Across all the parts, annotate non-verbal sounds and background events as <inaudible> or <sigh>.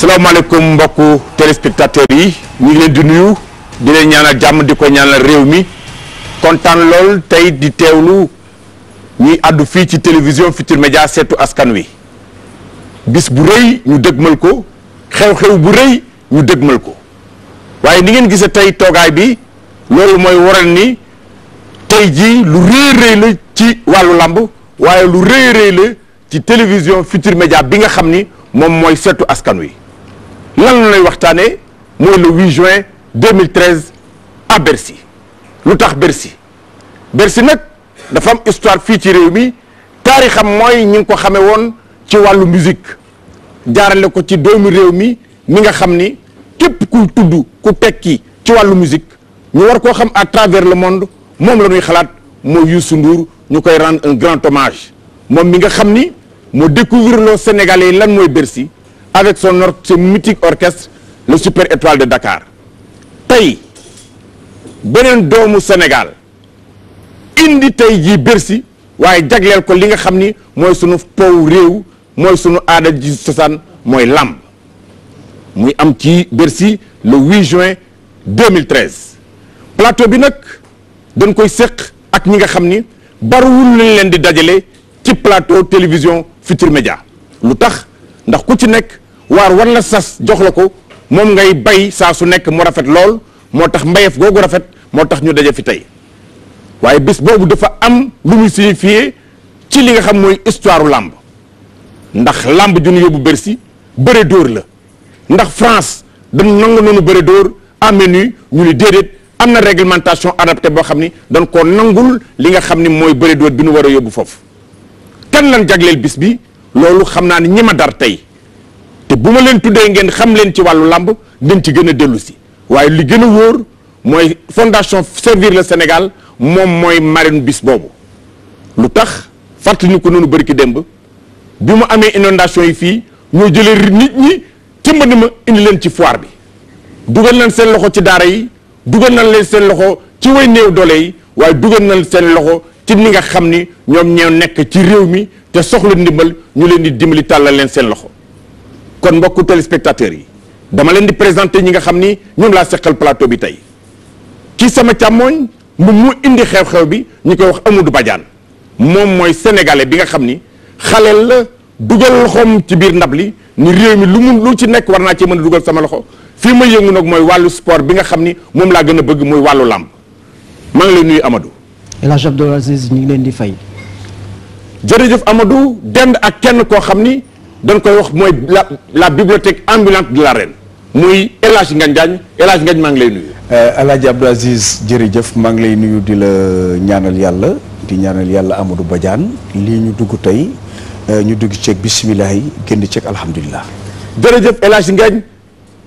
salaamaaleykum mbokku téléspectateurs yi ñu leen di nuyu di leen ñaanal jàmm di ko ñaanal réew mi kontaan lool tey di teewlu ñuy àddu fii ci télévision Futur Média seetu askan wi bis bu rëy ñu dëgmal ko xew-xew bu rëy ñu dëgmal ko waaye ni ngeen gisee tey toogaay bi loolu mooy waral ni tey ji lu rëy rëy la ci wàllu làmb waaye lu rëy rëy la ci télévision Futur Média bi nga xam ni moom mooy seetu askan wi. lan la lay waxtaanee mooy le 8 juin 2013 à Bercy lu tax Bercy Bercy nag dafa am histoire fii ci réew mi taarixam mooy ñi ngi ko xamee woon ci wàllu musique jaarale ko ci doomu réew mi mi nga xam ni képp ku tudd ku tekki ci wàllu musique ñu war koo xam à travers le monde moom la ñuy xalaat mooy Youssou Ndour ñu koy rendre un grand hommage moom mi nga xam ni moo découvrir loo Sénégalais lan mooy Bercy avec son or ce mythique orchestre le super étoile de Dakar tey beneen doomu Sénégal indi tey jii Bercy waaye jagleel ko li nga xam ni mooy sunu pow réew mooy sunu aada ji cosaan mooy làmb muy am ci Bercy le 8 juin 2013 plateau bi nag dañ koy séq ak ñi nga xam ni bariwul lañ leen di dajale ci plateau télévision Futur Média lu tax ndax ku ci nekk waar war la sas jox la ko moom ngay bay saa su nekk mu rafet lool moo tax mbayef googu rafet moo tax ñu daje fi tey waaye bis boobu dafa am lu muy signifié ci li nga xam mooy histoire làmb ndax làmb ju ñu yóbbu Bercy bëre dóor la ndax France dañ nangu noonu bëre dóor à menu ñu ni déedéet am na réglementation adaptée boo xam ni dañ koo nangul li nga xam ni mooy bëre dóor bi nu war a yóbbu foofu kan lan jagleel bis bi loolu xam naa ni ñi ma dar tey te bu ma leen tuddee ngeen xam leen ci wàllu làmb dañ ci gën a dellu si waaye li gën a wóor mooy fondation servir le Sénégal moom mooy marine bis boobu lu tax fàttali ñu ko noonu bëri ki démb bi mu amee inondation yi fii ñoo jëlee nit ñi cëmbani ma indi leen ci foire bi dugal nañ seen loxo ci daara yi dugal na leen seen loxo ci way néew doole yi waaye dugal na seen loxo ci ni nga xam ni ñoom ñoo nekk ci réew mi te soxla ndimbal ñu leen di dimbali tàllal leen seen loxo kon mbokku téléspectateurs yi dama leen di présenté ñi nga xam ni ñoom laa seqal plateau bi tey ci sama càmmooñ moom mu indi xew-xew bi ñu koy wax Amadou Badiane moom mooy sénégalais bi nga xam ni xaleel la dugal loxoom ci biir ndab li ni réew mi lu mu lu ci nekk war naa cee mën a dugal sama loxo fii ma yëngu nag mooy wàllu sport bi nga xam ni moom laa gën a bëgg mooy wàllu làmb maa ngi lay nuyu Amadou. El Hadj Abdoul Aziz ñu ngi leen di fay. jërëjëf Amadou dend ak kenn koo xam ni. dañ koy wax mooy la la bibliothèque ambulante de la ren mooy Hadj ngañ Diagne El ngañ Ngagne ngi lay nuyu. Euh, El Hadj Abdou Aziz jërëjëf maa ngi lay nuyu di la ñaanal yàlla di ñaanal yàlla Amadou Badiane lii ñu dugg tey euh, ñu dugg ceeg bisimilah yi génn ceeg alhamdulilah. jërëjëf El ngañ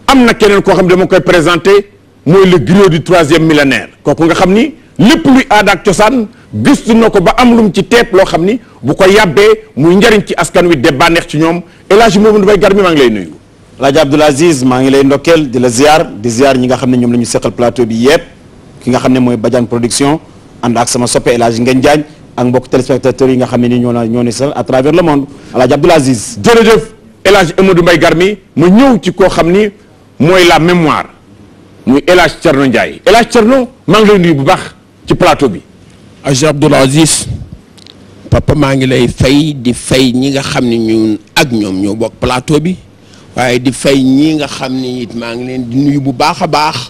am na keneen koo xam ne dama koy présenté mooy le griot du troisième millénaire kooku nga xam ni lépp luy aada ak cosaan. gëstu na ko ba am lum ci teet loo xam ni bu ko yàbbee muy njariñ ci askan wi de bànneex ci ñoom El Hadj Mamadou Mbaye Garmi maa ngi lay nuyu. El Hadj Abdoul maa ngi lay ndokkeel di la ziar di ziar ñi nga xam ne ñoom la ñu seqal plateau bi yëpp ki nga xam ne mooy Badiane production ànd ak sama soppe El Hadj Ngeen Diagne ak mbokk téléspectateurs yi nga xam ne ni ñoo na ñoo ne sal à travers le monde El Hadj Abdoul Aziz. jërëjëf El Hadj Amadou Mbaye Garmi ma ñëw ci koo xam ni mooy la mémoire muy El Hadj Thierno Ndiaye El Hadj Thierno ngi lay nuyu bu baax ci plateau bi Hadj Abdoul Aziz papa maa ngi lay fay di fay ñi nga xam ni ñun ak ñoom ñoo bokk plateau bi waaye di fay ñi nga xam ni it maa ngi leen di nuyu bu baax a baax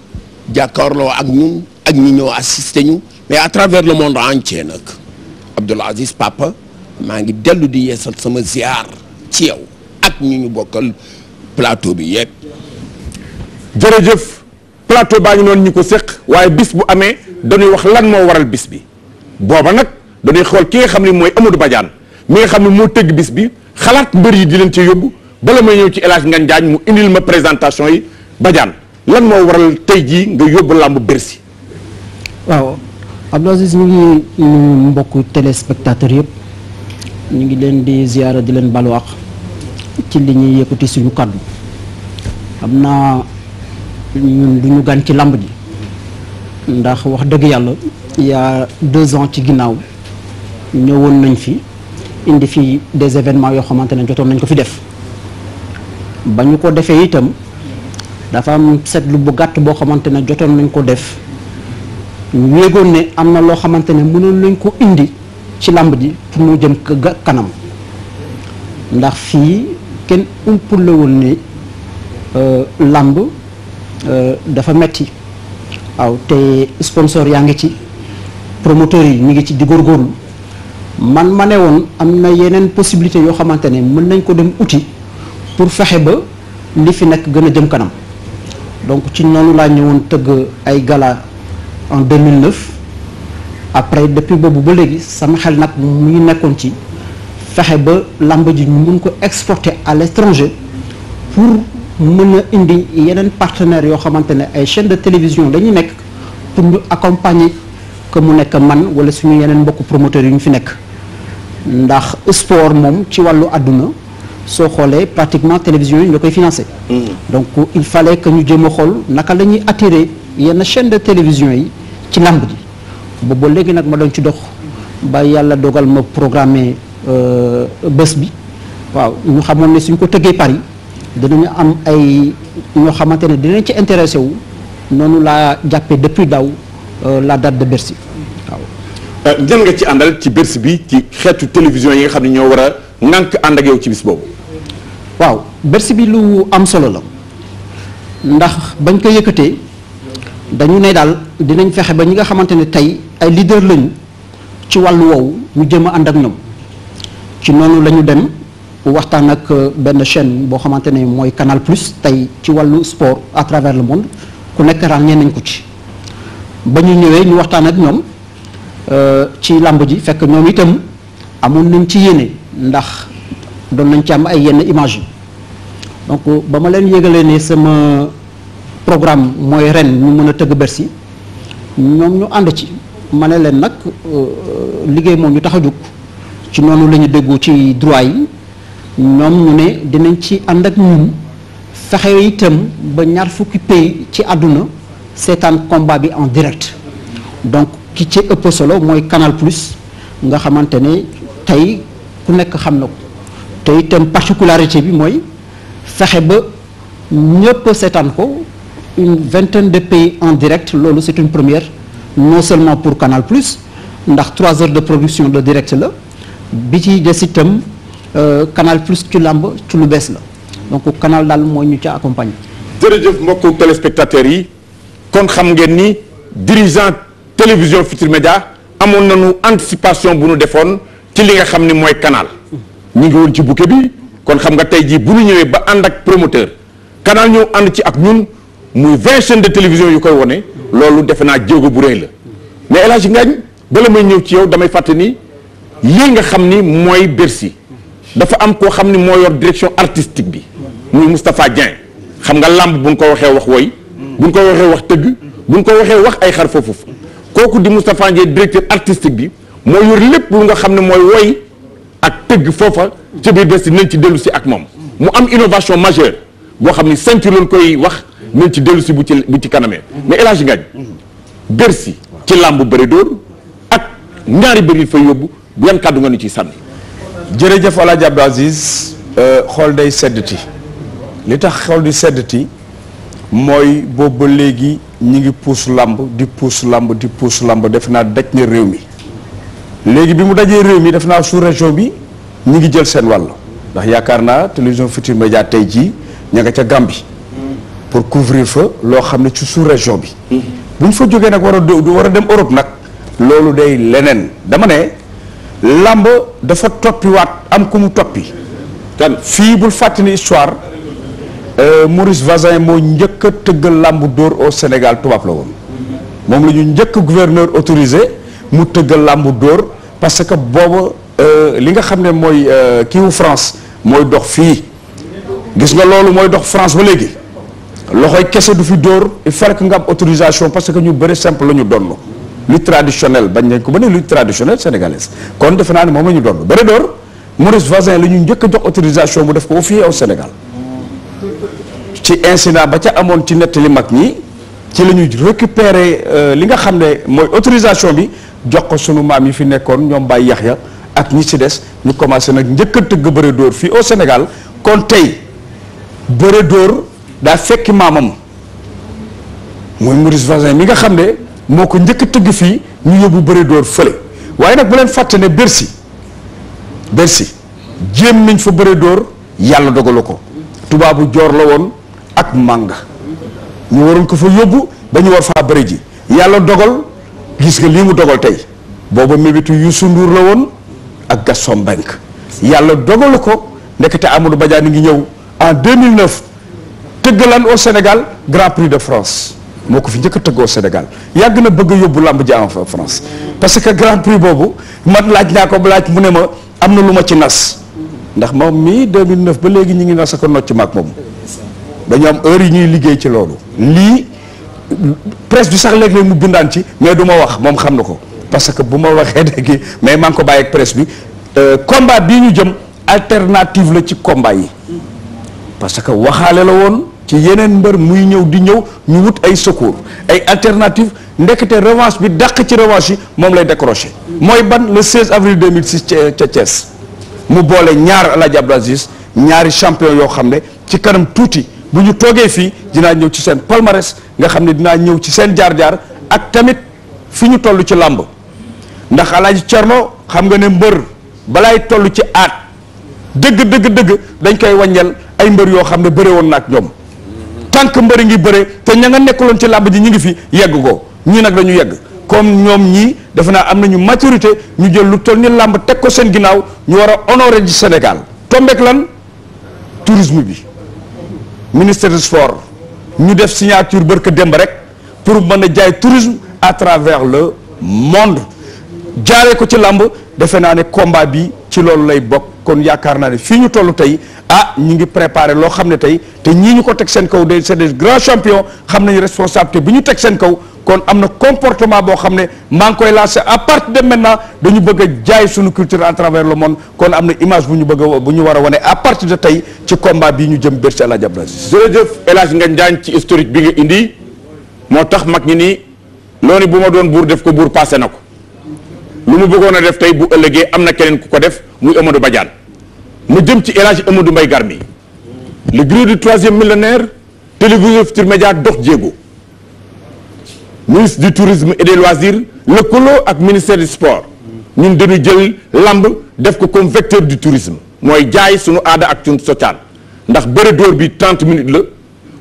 jàkkaarloo ak ñun ak ñu ñoo assisté ñu mais à travers le monde entier nag Abdoul Aziz papa maa ngi dellu di yeesal sama ziar ci yow ak ñu ñu bokkal plateau bi yépp jërëjëf plateau baa ngi noonu ñi ko séq waaye bis bu amee dañuy wax lan moo waral bis bi booba nag dañuy xool ki nga xam ne mooy Amadou Badiane mi nga xam ne moo tëgg bis bi xalaat mbër yi di leen ci yóbbu bala may ñëw ci El Hadj Ngane Diagne mu indil ma présentation yi Badiane lan moo waral tey jii nga yóbbu làmb Bercy waaw Abdou Aziz ñu ngi mbokku téléspectateur yëpp ñu ngi leen di ziara di leen balu àq ci li ñuy yëkkati suñu kàddu am naa ñun du gan ci làmb ji ndax wax dëgg yàlla il y deux ans ci ginnaaw ñëwoon nañ fi indi fi des événements yoo xamante ne jotoon nañ ko fi def ba ñu ko defee itam dafa am seetlu bu gàtt boo xamante ne jotoon nañ ko def ñu yéegoon ne am na loo xamante ne mënoon lañ ko indi ci làmb ji pour mu jëm kanam ndax fii kenn umpule woon ne euh, làmb euh, dafa metti waaw te sponsor yaa ngi ci promoteurs yi ñu ngi ci di góorgóorlu man ma ne woon am na yeneen possibilité yoo xamante ne mën nañ ko dem uti pour fexe ba li fi nekk gën a jëm kanam donc ci noonu laa ñëwoon tëgg ay gala en 2009 après depuis boobu ba léegi sama xel nag mu ngi nekkoon ci fexe ba làmb ji ñu mun ko exporter à l'étranger pour mën a indi yeneen partenaires yoo xamante ne ay chaînes de télévision dañuy nekk pour ñu accompagner. que mu nekk man wala suñu yeneen mbokku promoteurs yu ñu fi nekk ndax sport moom ci wàllu àdduna soo xoolee pratiquement télévision yi ñoo koy financé. Mm. donc il fallait que ñu jéem a xool naka la ñuy attirer yenn chaîne de télévision yi ci làmb ji boobu léegi nag ma doon ci dox ba yàlla dogal ma programmer euh, bés bi waaw ñu xamoon ne suñ ko tëggee Paris dinañu am ay ñoo xamante ne dinañ ci intéressé wu noonu laa jàppee depuis daw Euh, la date de Bercy waaw. Euh, jël nga ci àndal ci Bercy bi ci xeetu télévision yi nga xam ne ñoo war a nànk ànd ak yow ci bis boobu. waaw Bercy bi lu am solo la ndax bañ ko yëkkatee dañu ne daal dinañ fexe ba ñi nga xamante ne tey ay leader lañu ci wàllu woowu ñu jëm ànd ak ñoom ci noonu lañu dem waxtaan ak euh, benn chaîne boo xamante ne mooy Canal Plus tey ci wàllu sport à travers le monde ku nekk ràññee nañ ko ci. ba ñu ñëwee ñu waxtaan ak ñoom euh, ci làmb ji fekk ñoom itam amoon nañ ci yéene ndax doon nañ ci am ay yenn image yi donc ba ma leen yëgalee ne sama programme mooy ren ñu mën a tëgg bersi ñoom ñu ànd ci ma ne leen nag euh, liggéey moom ñu tax a jóg ci noonu lañu ñu ci droit yi ñoom ñu ne dinañ ci ànd ak ñun fexe itam ba ñaar fukki pays ci àdduna seetaan combat bi en direct donc ki ci ëpp solo mooy Canal Plus nga xamante ne tey ku nekk xam na ko te itam particularité bi mooy fexe ba ñëpp seetaan ko une vingtaine de pays en direct loolu c'est une première non seulement pour Canal Plus ndax trois heures de production de direct la bi ci des itam euh, Canal Plus ci làmb ci lu bees la donc Canal daal mooy ñu ca accompagner. jërëjëf yi. kon xam ngeen ni dirigeant télévision Futurs média amoon nañu anticipation bu nu defoon ci li nga xam ni mooy kanaal ñu ngi woon ci bouquet bi kon xam nga tey jii bu nu ñëwee ba ànd ak promoteur kanaal ñëw ànd ci ak ñun muy vingt chaînes de télévision yu koy wone loolu defe naa jéego bu réy la mais El Hadj Ngagne bala may ñëw ci yow damay fàtte ni lii nga xam ni mooy Bercy dafa am koo xam ni moo yor direction artistique bi muy Moustapha Dieng xam nga làmb bu ko waxee wax woy bu buñ ko waxee wax tëgg buñ koy waxee wax ay xar foofu kooku di Moustapha Ndiaye directeur artistique bi moo yor lépp lu nga xam ne mooy woy ak tëgg foofa ca biir bés nañ ci dellu si ak moom mu am innovation majeure boo xam ni ceinture lañ koy wax nañ ci dellu si bu ci bu ci kanamee mais El Hadj Ngagne Bercy ci làmb bëri dóor ak ñaari bëri fay yóbbu yan kàddu nga nu ciy sànni jërëjëf El Hadj Abdou Aziz euh, xool day seddti li tax xool di seddti mooy boobu ba léegi ñu ngi puus làmb di puus làmb di puus làmb def naa daj na réew mi léegi bi mu dajee réew mi def naa sous région bi ñu ngi jël seen wàll ndax yaakaar naa télévision Futurs Médias tey jii ña nga ca Gambie pour couvrir fa loo xam ne ci sous région bi bu ñu fa jógee nag war a du war a dem Europe nag loolu day leneen dama ne làmb dafa toppiwaat am ku mu toppi kan fii bul fàttali histoire Euh, Maurice vasin moo njëkk a tëggal làmb dóor au Sénégal tubaab la woon moom la ñu njëkk gouverneur autorisé mu tëggal làmb dóor parce que booba euh, li nga xam ne mooy euh, kiiwu France mooy dox fii gis nga loolu mooy dox France ba léegi loxoy kese du fi dóor i fallait que nga am autorisation parce que ñu bëri simple la ñu donn lutte traditionnelle bañ nañ ko ba ne lutte traditionnelle sénégalaise kon defe naa ne moom la ñu donn bëri dóor Maurice vasin la ñu njëkk jox autorisation bu def ko fii au Sénégal ci incident ba ca amoon ci nettali mag ñi ci lañuy ñuy récupérer euh, li nga xam ne mooy autorisation bi jox ko sunu maam yi fi nekkoon ñoom Baye Yaxya ak ñi ci des ñu commencé nag njëkk a tëgg bëre dóor fii au Sénégal kon tey bëre door daa fekki maamam mooy Maurice Vazin mi nga xam ne moo ko njëkk tëgg fii ñu yóbbu bëre dóor fële waaye nag bu leen fàtte ne Bercy jéem nañ fa bëre door yàlla dogalu ko tubaabu joor la woon ak màng ñu waroon ko fa yóbbu ba ñu war faa bëri ji yàlla dogal gis nga lii mu dogal tey booba mébitu Youssou Ndour la woon ak Gaston Mbengue yàlla dogalu ko ndekete Amadou Badiane ngi ñëw en 2009 tëggalan au Sénégal Grand Prix de France moo ko fi njëkk a tëgg au Sénégal yàgg na bëgg a yóbbu làmb ji en France parce que Grand Prix boobu man laaj naa ko laaj mu ne ma am na lu ma ci nas ndax moom mii 2009 ba léegi ñu ngi na sa ko nocc maag moom dañu am heure yi ñuy liggéey ci loolu lii presse bi sax léeg-léeg mu bindaan ci mais du ma wax moom xam na ko parce que bu ma waxee léegi mais maa ngi ko bàyyi ak presse bi euh, combat bii ñu jëm alternative la ci combat yi parce que waxaale la woon ci yeneen mbër muy ñëw di ñëw ñu wut ay secours ay alternative ndekete revanche bi daq ci revanche yi moom lay décroché mooy ban le 16 avril 2006 ca ca Thiès mu boole ñaar El Hadj ñaari champion yoo xam ne ci kanam tuuti bu ñu toogee fii dinaa ñëw ci seen palmarès nga xam ne dinaa ñëw ci seen jaar-jaar ak tamit fi ñu toll ci làmb ndax El Hadj Thierno xam nga ne mbër balaay toll ci aat dëgg dëgg dëgg dañ koy wàññeel ay mbër yoo xam ne bëre woon na ak ñoom tanq mbër mbër ngi bëre te ña nga nekkuloon ci làmb ji ñu ngi fi yegg ko ñii nag dañu yegg. comme ñoom ñii defe naa am na ñu maturité ñu jël lu toll ni làmb teg ko seen ginnaaw ñu war a honoré ji Sénégal tombeek lan tourisme bi ministère du sport ñu def signature bërka démb rek pour mën a jaay tourisme à travers le monde jaaree ko ci làmb defe naa ne combat bi ci loolu lay bokk kon yaakaar naa ne fii ñu toll tey ah ñu ngi préparer loo xam ne tey te ñii ñu ko teg seen kaw de c'est des grands champions xam nañu responsabilité bi ñu teg seen kaw kon am na comportement boo xam ne maa ngi koy lancé à partir de maintenant dañu bëgg a jaay suñu culture à travers le monde kon am na image bu ñu bëgg a bu ñu war a wane à de tey ci combat bi ñu jëm Bercy El Hadj Abdoulaziz jërëjëf jëf Hadj nga njaañ ci historique bi nga indi moo tax mag ñi nii loolu bu ma doon buur def ko buur passé na ko lu mu bëggoon a def tey bu ëllëgee am na keneen ku ko def muy Amadou Badiane ma jëm ci El Hadj Amadou Mbaye Garmi le gré du troisième millénaire télévision Futurs Médias dox jéego ministre du tourisme et des loisirs ak ministère du sport ñun dañu jël làmb def ko comme vecteur du mooy jaay suñu aada ak suñu cosaan ndax bëre bi 30 minutes la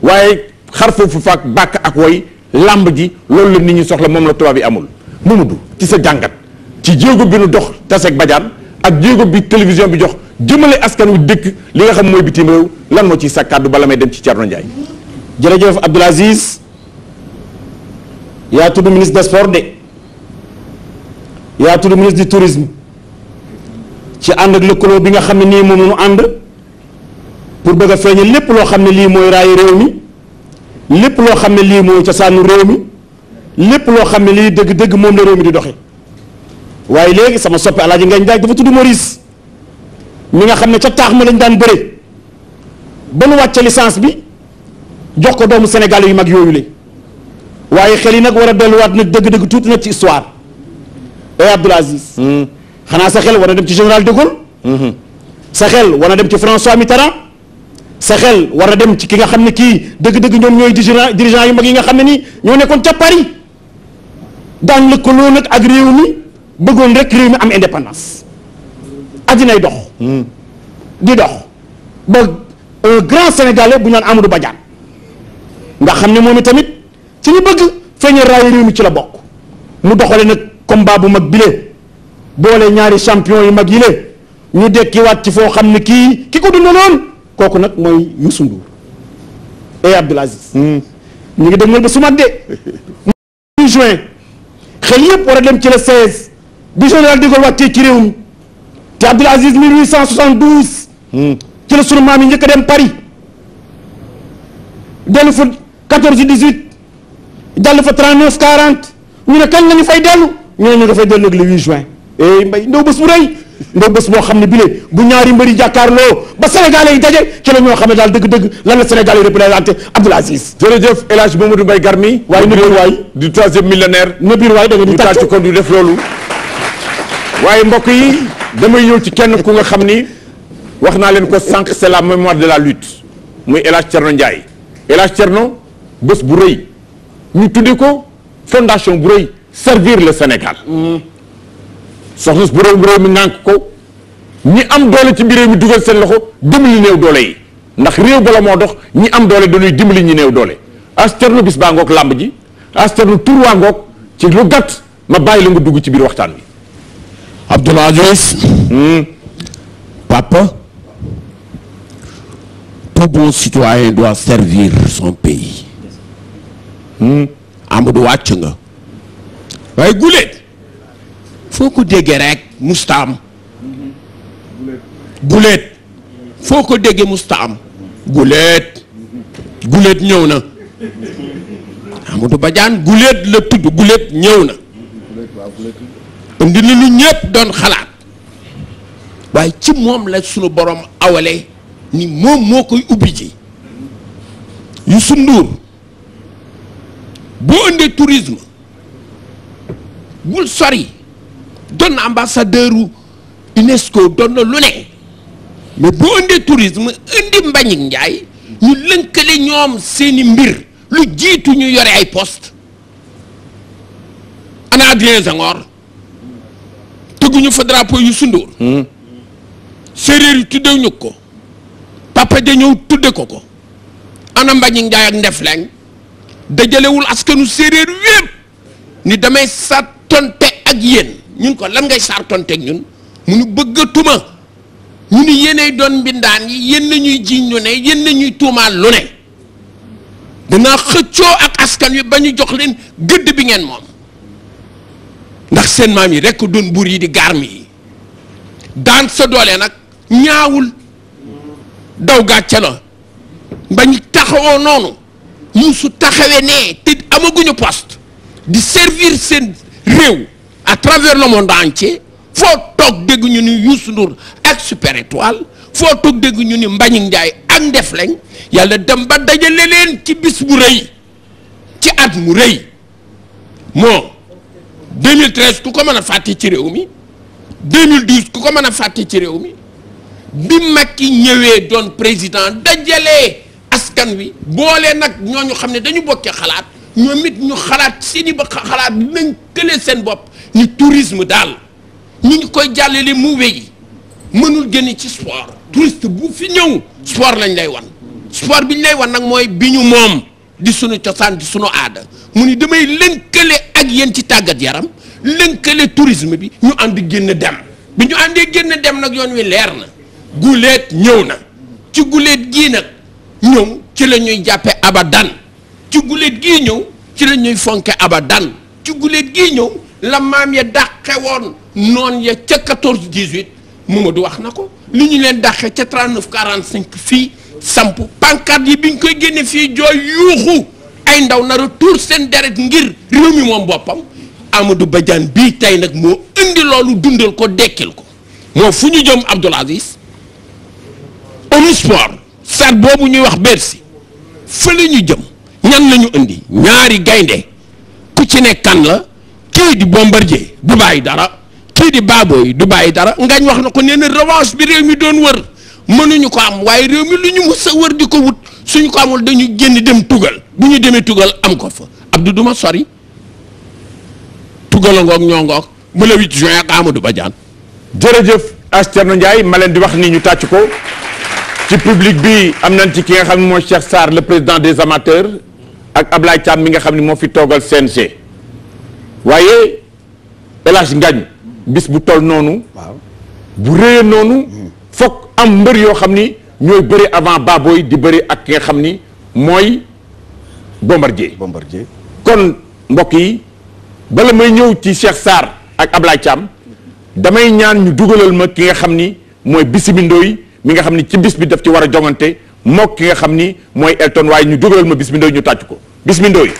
waaye xar foofu faak bàkk ak woy làmb ji loolu la nit ñi soxla moom la tubaab yi amul Mamadou ci sa jàngat ci jéego bi nu dox taseeg Badiane ak jéego bi télévision bi jox jëmale askan wi dëkk li nga xam mooy bitim réew lan moo ci sa kàddu bala may dem ci Thierno Ndiaye jërëjëf Abdoul Aziz yaa tudd ministre des sports de yaa tudd ci ànd ak lëkkaloo bi nga xam ne nii moom mu ànd pour bëgg a feeñal lépp loo xam ne lii mooy raay réew mi lépp loo xam ne lii mooy cosaanu réew mi lépp loo xam ne lii dëgg-dëgg moom la réew mi di doxe waaye léegi sama soppe yi ngañ daaj dafa tudd Maurice mi nga xam ne ca taax ma lañ daan bëre ba nu wàcce licence bi jox ko doomu Sénégal yu mag yooyu la waaye xel yi nag war a delluwaat nag dëgg-dëgg tuuti nag ci histoire ay eh, Abdoul Aziz hmm. xanaa saxel war a dem ci général de Gaulle hmm. sa xel war a dem ci François mi sa saxel war a dem ci ki nga xam ne kii dëgg-dëgg ñoom ñooy dirigeant yu mag yi nga xam ne nii ñoo nekkoon ca Paris daan lëkkaloo mi bëggoon rek réew am indépendance addinay dox hmm. di dox grand sénégalais bu ñaan Amadou Badiane ne moom tamit ci ñu bëgg feeñal raay réew mi ci la bokk mu doxale nag combat bu mag bile boole ñaari champion yu mag yi le ñu dekkiwaat ci foo xam ne kii ki ko dundaloon kooku nag mooy Youssou Ndour et Abdoul Aziz hmm. ñu ngi dem ba sumat de juin xel yëpp war a dem ci la 16 bi général de Gaulle wàccee ci réew mi te Abdoul Aziz 1872 hmm. ci la sunu maam yi njëkk a dem Paris dellu fa 14 18 jàll fa 39 40 ñu ne kañ la ñu fay dellu ñu ne ñu nga fay dellu ak le 8 juin eh mbay ndaw bés bu rëy ndaw bés boo xam ne bile bu ñaari mbëri jàkkaarloo ba sénégalais yi daje ci la ñoo xam ne daal dëgg-dëgg lan la sénégal yi représenté Abdoul Aziz jërëjëf El Hadj Mamadou Mbaye Garmi waaye na biir waay du troisième millénaire na biir waay waaye mbokk yi damay ñëw ci kenn ku nga xam ni wax naa leen ko sànq c'est la mémoire de la lutte muy El Hadj Thierno Ndiaye El Hadj Thierno bés bu rëy ñu tuddee ko fondation bu rëy servir le Sénégal. soxna bu rëy bu rëy mi nànk ko ñi am doole ci biir mi dugal seen loxo dimbali néew doole yi ndax réew bala moo dox ñi am doole dañuy dimbali ñi néew doole. asternu bis baa ngoog làmb ji asternu tur waa ngoog ci lu gàtt ma bàyyi la nga dugg ci biir waxtaan wi. Abdoulaye Aziz. Hmm. papa. tout bon citoyen doit servir son pays. Hmm? Amadou wàcc nga waaye guléet foo ko déggee rek musta am guléet foo ko déggee musta am guléet guléet ñëw na Amadou bajaan guléet la tudd guléet ñëw na indi na lu ñëpp doon xalaat waaye ci moom la sunu borom awale ni moom moo koy ubbi ji Youssou Ndour boo indee tourisme bul sori doon na ambassadeur u UNESCO doon lu ne mais boo indee tourisme indi Mbagnick Ndiaye ñu lënkale ñoom seeni mbir lu jiitu ñu yore ay poste ana Adrien tëgguñu fa drapeau yu sundoor hmm. séeréer yi ñu ko Papa Ja ñëw tudde ko ko ana Mbagnick Ndiaye ak Ndefleng dajalewul askanu séeréer yépp ni damay sartonte ak yéen ñun ko lan ngay sartonte ak ñun mu ñu bëggatuma mu ni yéenay doon mbindaan yi yéen la ñuy jiiñ lu ne yéen la ñuy tuumaal lu ne danaa xëccoo ak askan wi ba ñu jox leen gëdd bi ngeen moom ndax seen maam yi rekk doon buur yi di garmi yi daan sa doole nag ñaawul daw gàcce la bañ taxawoo noonu mu su taxawee ne te amaguñu poste di servir seen réew à travers le monde entier foo toog dégg ñu ni Youssou Ndour ak Super Étoile foo toog dégg ñu ni Mbagnick Ndiaye ak Ndefleng yàlla dem ba dajale leen ci bis bu rëy ci at mu rëy moo 2013 ku ko mën a fàtte ci réew mi 2012 ku ko mën a fàtte ci réew mi bi Macky ñëwee doon président dajalee kan wi boole nag ñooñu xam ne dañu bokkee xalaat ñoom mit ñu xalaat seeni ba xalaat nañ seen bopp ni tourisme daal ñu ñu koy jàllale mu wéy mënul génn ci sport touriste bu fi ñëw sport lañ lay wan sport bi ñu lay wan nag mooy bi ñu moom di sunu cosaan di suñu aada mu ni damay lënkale ak yéen ci tàggat yaram lënkale tourisme bi ñu ànd génn dem bi ñu àndee génn dem nag yoon wi leer na guleet ñëw na ci guleet gii nag ñoom ci la ñuy jàppe abadan ci guléet gii ñëw ci la ñuy fonke abadan ci guléet gii ñëw la maam ya dàqewoon noon ya ca 14 18 Mamadou wax na ko li ñu leen dàqe ca 39 45 fii samp pancarte yi bi ñu koy génne fii jooy yuuxu ay ndaw nar a seen deret ngir réew mi moom boppam Amadou Badiane bii tey nag moo indi loolu dundal ko dekkil ko moo fu ñu jëm Abdoul Aziz omnisport stade boobu ñuy wax Bercy fële ñu jëm ñan lañu indi ñaari gaynde ku ci nekkan la kii di Bombardier du bàyyi dara kii di Baboy du bàyyi dara ngañ wax na ko nee na bi réew mi doon wër mënuñu ko am waaye réew mi lu ñu mus a wër di ko wut suñu ko amul dañu génn dem tugal bu ñu demee tugal am ko fa Abdou duma sori tugal a ñoo ngoog ba le 8 juin ak Amadou Badiane jërëjëf Asterno Ndiaye ma leen di wax ni ñu tàcc ko ci public bi am nañ ci ki nga xam ne mooy Cheikh Sarr le président des amateurs ak Ablaye Thiam mi nga xam ne moo fi toogal CNG waaye El ngañ bis bu toll noonu. bu rëyee noonu. foog am mbër yoo xam ni ñooy bëri avant Baboy di bëri ak ki nga xam ni mooy Bombardier. Bombardier kon mbokk yi bala may ñëw ci Cheikh Sarr ak Ablaye Thiam damay ñaan ñu dugalal ma ki nga xam ni mooy Bisimi Ndoye mi nga xam ni ci bis bi daf ci war a jongante mook ki nga xam ni mooy Elton waaye ñu dugalal ma Bismi Ndoye ñu tàcc ko Bismi Ndoye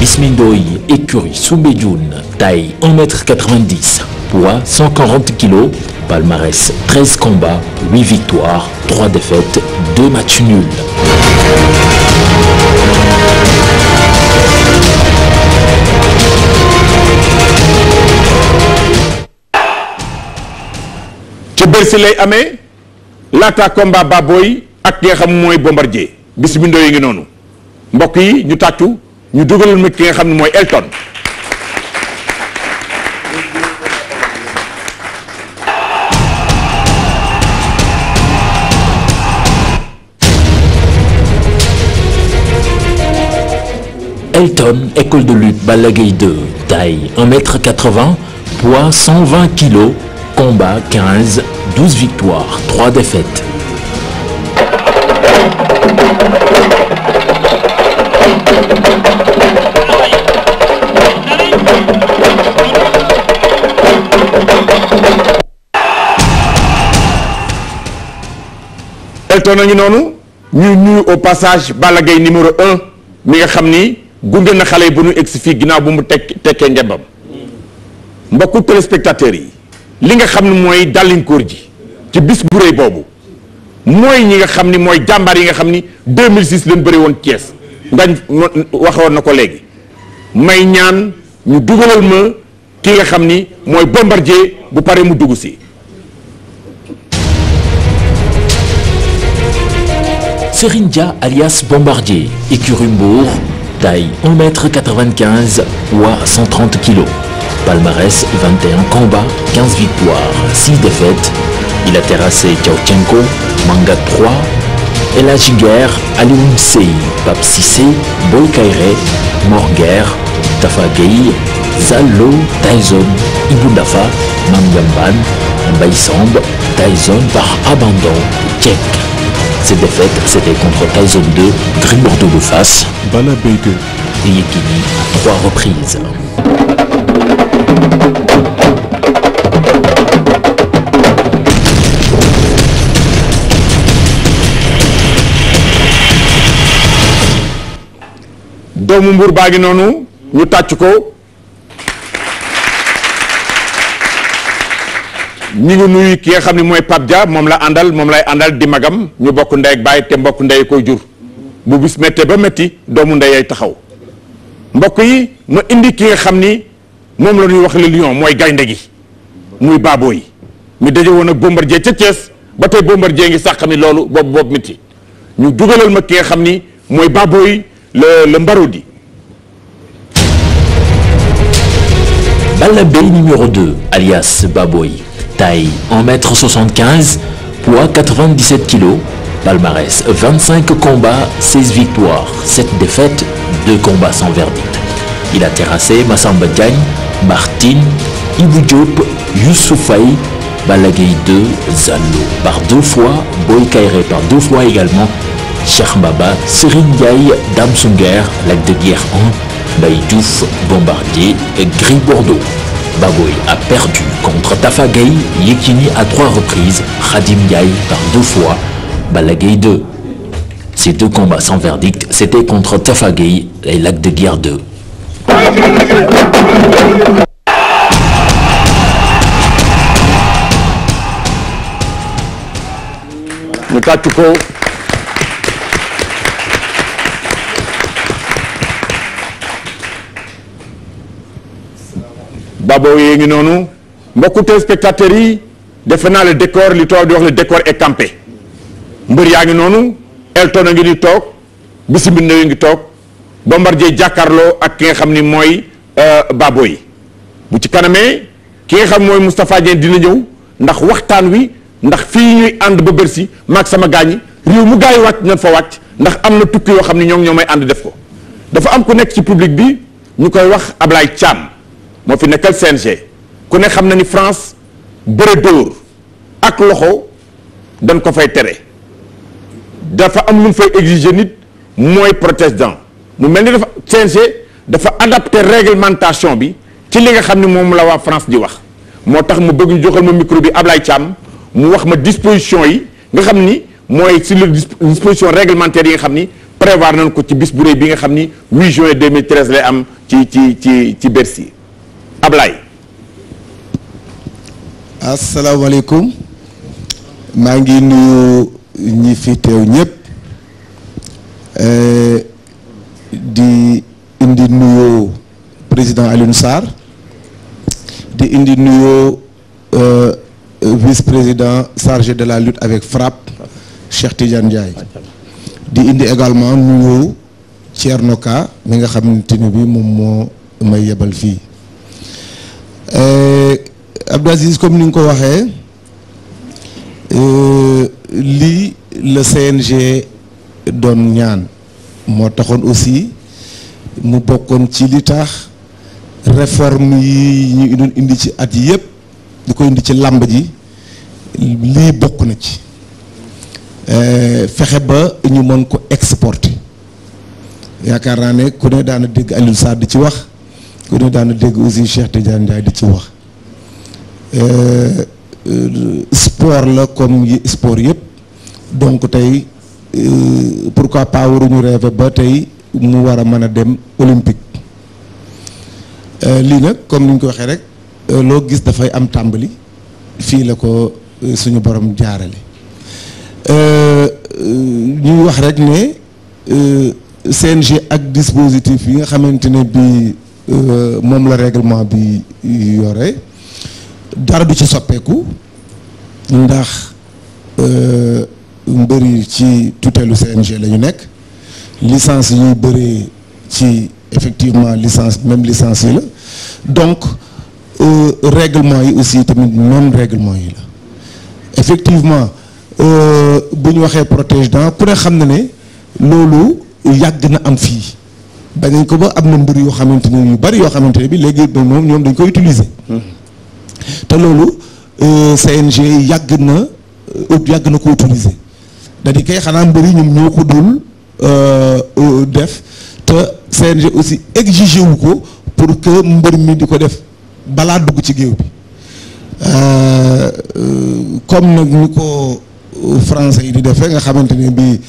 Bismi Ndoye écurie Soumbédioune taille 1m90 poids 140 kg palmarès 13 combats 8 victoires 3 défaites 2 matchs nuls ca Bercy ame amee laata combat Baboy ak ki nga xam mooy Bombardier bis bi ndooy ngi noonu mbokk yi ñu tàccu ñu dugalal ma ki nga xam ne mooy Elton. Elton, école de lutte Balla Gaye 2, taille 1m80, combat 12 victoires, 3 défaites. noonu ñu nuyu au passage Balla Gaye numéro un mi nga xam ni gunge na xale yi bu nu egsi fii ginnaaw bu mu tekk tekkee ngembam mbokku téléspectateurs yi li nga xam ne mooy dàllinkoor ji ci bis bu réy boobu mooy ñi nga xam ni mooy jàmbaar yi nga xam ni 2006 leen bëri woon Thiès ngañ waxoon na ko léegi may ñaan ñu dugalal ma ki nga xam ni mooy bombardier bu pare mu dugg si. Serigne ja alias Bombardier écurie Mbour taille 1 mètre 95 Palmarès 21 combats, 15 victoires, 6 défaites. Il a terrassé Tchautchenko, Manga 3, Elhadji Guèye, Alioune Sèye, Pape Zallo, Tyson, Ibou Dafa, Mame Yambane, Mbaye par abandon, Tchèque. Ses défaites, c'était contre Tyson 2, Gris Bordeaux de face, à trois reprises. doomu Mbour baa ngi noonu ñu tàcc ko ñu ngi nuyu ki nga xam ne mooy Pape Dia moom la àndal moom lay àndal di magam ñu bokk ndey ak baay te mbokk ndey koy jur bu bis méttee ba metti doomu ndey ay taxaw mbokk yi ma indi ki nga xam ni moom la ñuy wax le lion mooy gaynde gi muy baaboo yi mi daje woon ak Bombardier ca Thiès ba tey Bombardier ngi sàq mi loolu boobu boobu miti ñu dugalal ma ki nga xam ni mooy baaboo yi la la di Balla Gaye numéro 2 alias Baboy taille 1 mètre 75 poids 97 kilos palmarès 25 combats 16 victoires 7 défaites 2 combats sans verdict il a terrassé Massamba Diagne Martine, Ibou Diop, Youssou Faye, Balagay 2, Zalo par deux fois, Boy Kairé par deux fois également, Cheikh Baba, Serigne Ndiaye, Dame Sounger, Lac de Guerre 1, Baïdouf, Bombardier, et Gris Bordeaux. Baboy a perdu contre Tafa Gaye, Yekini à trois reprises, Khadim Ndiaye par deux fois, Balagay 2. Ces deux combats sans verdict, c'était contre Tafa et Lac de Guerre ñu tàcc ko babo yee ngi noonu mbokku téléspectateurs yi defe naa le décor li toog di wax le décor est campé mbër yaa ngi noonu Elton a ngi ni toog Bisimil na ngi toog Bombardier jàkkaarloo ak ki nga xam ni mooy euh, babo yi bu ci kanamee ki nga xam mooy Moustapha Dieng dina ñëw ndax waxtaan wi ndax fii ñuy ànd ba Bercy maak sama gaañi réew mu gaa yi wàcc nañ fa wàcc ndax am na tukki yoo xam ne ñoom ñoo may ànd def ko dafa am ku nekk ci public bi ñu koy wax Ablaye Thiam moo fi nekkal sng ku ne xam na ni France bëre dóor ak loxo dañ ko fay tere dafa am lu mu fay exiger nit mooy protestant mu mel ni dafa CNG dafa adapté réglementation bi ci li nga xam ne moom la waa France di wax moo tax mu bëgg ñu joxal ma micro bi Ablaye Thiam mu wax ma disposition yi nga xam ni mooy si le disposition réglementaire yi nga xam ni prévoir nañ ko ci bis bu rëy bi nga xam ni 8 juin 2013 lay am ci ci ci ci Bercy Ablaye. asalaamaaleykum maa ngi nuyu ñi fi teew ñëpp. Euh, di indi nuyoo président Alioune di indi nuyoo euh, vice-président chargé de la lutte avec frappe Cheikh Tidiane Ndiaye di indi également nuyoo Thierno Ka mi nga xamante ne bi moom moo may yebal fii euh, Abdou Aziz comme ni nga ko waxee euh, lii la CNG doon ñaan moo taxoon aussi mu bokkoon ci li tax réforme yi ñu indi ci at yi yëpp di ko indi ci làmb ji lii bokk na ci euh, fexe ba ñu mën ko exporter yaakaar naa ne ku ne daana dégg Alioune Sarr di ci wax ku ne daana dégg aussi Cheikh Tidiane di ci wax euh, euh, sport la comme yi sport yëpp donc tey Euh, pourquoi pas waruñu rêver ba tey mu war a mën a dem olympique euh, lii nag comme ni ko waxee rek euh, loo gis dafay am tàmbali fii la ko suñu borom jaarale ñuy wax rek ne CNG ak dispositif yi nga xamante ne bi moom la règlement bi yore dara du ci soppeeku ndax mbër yi ci tutelu CNG la ñu nekk licence yi ñuy bëree ci effectivement licence même licence yi la donc euh, règlement yi aussi tamit même règlement yi la effectivement euh, bu ñu waxee protège dents ku ne xam na ne loolu yàgg na am fii bañ nañ ko ba am na mbir yoo xamante ne yu bari yoo xamante ne bi léegi moom ñoom dañ ko utiliser hmm. te loolu euh, CNG yàgg na yàgg na ko utiliser da di kay xanaa mbëri ñoom ñoo ko dul euh, euh, def te CNG aussi exigé wu ko pour que mbër mi di ko def balaa dugg ci géew bi euh, comme nag ni ko français yi di defee nga xamante ne bii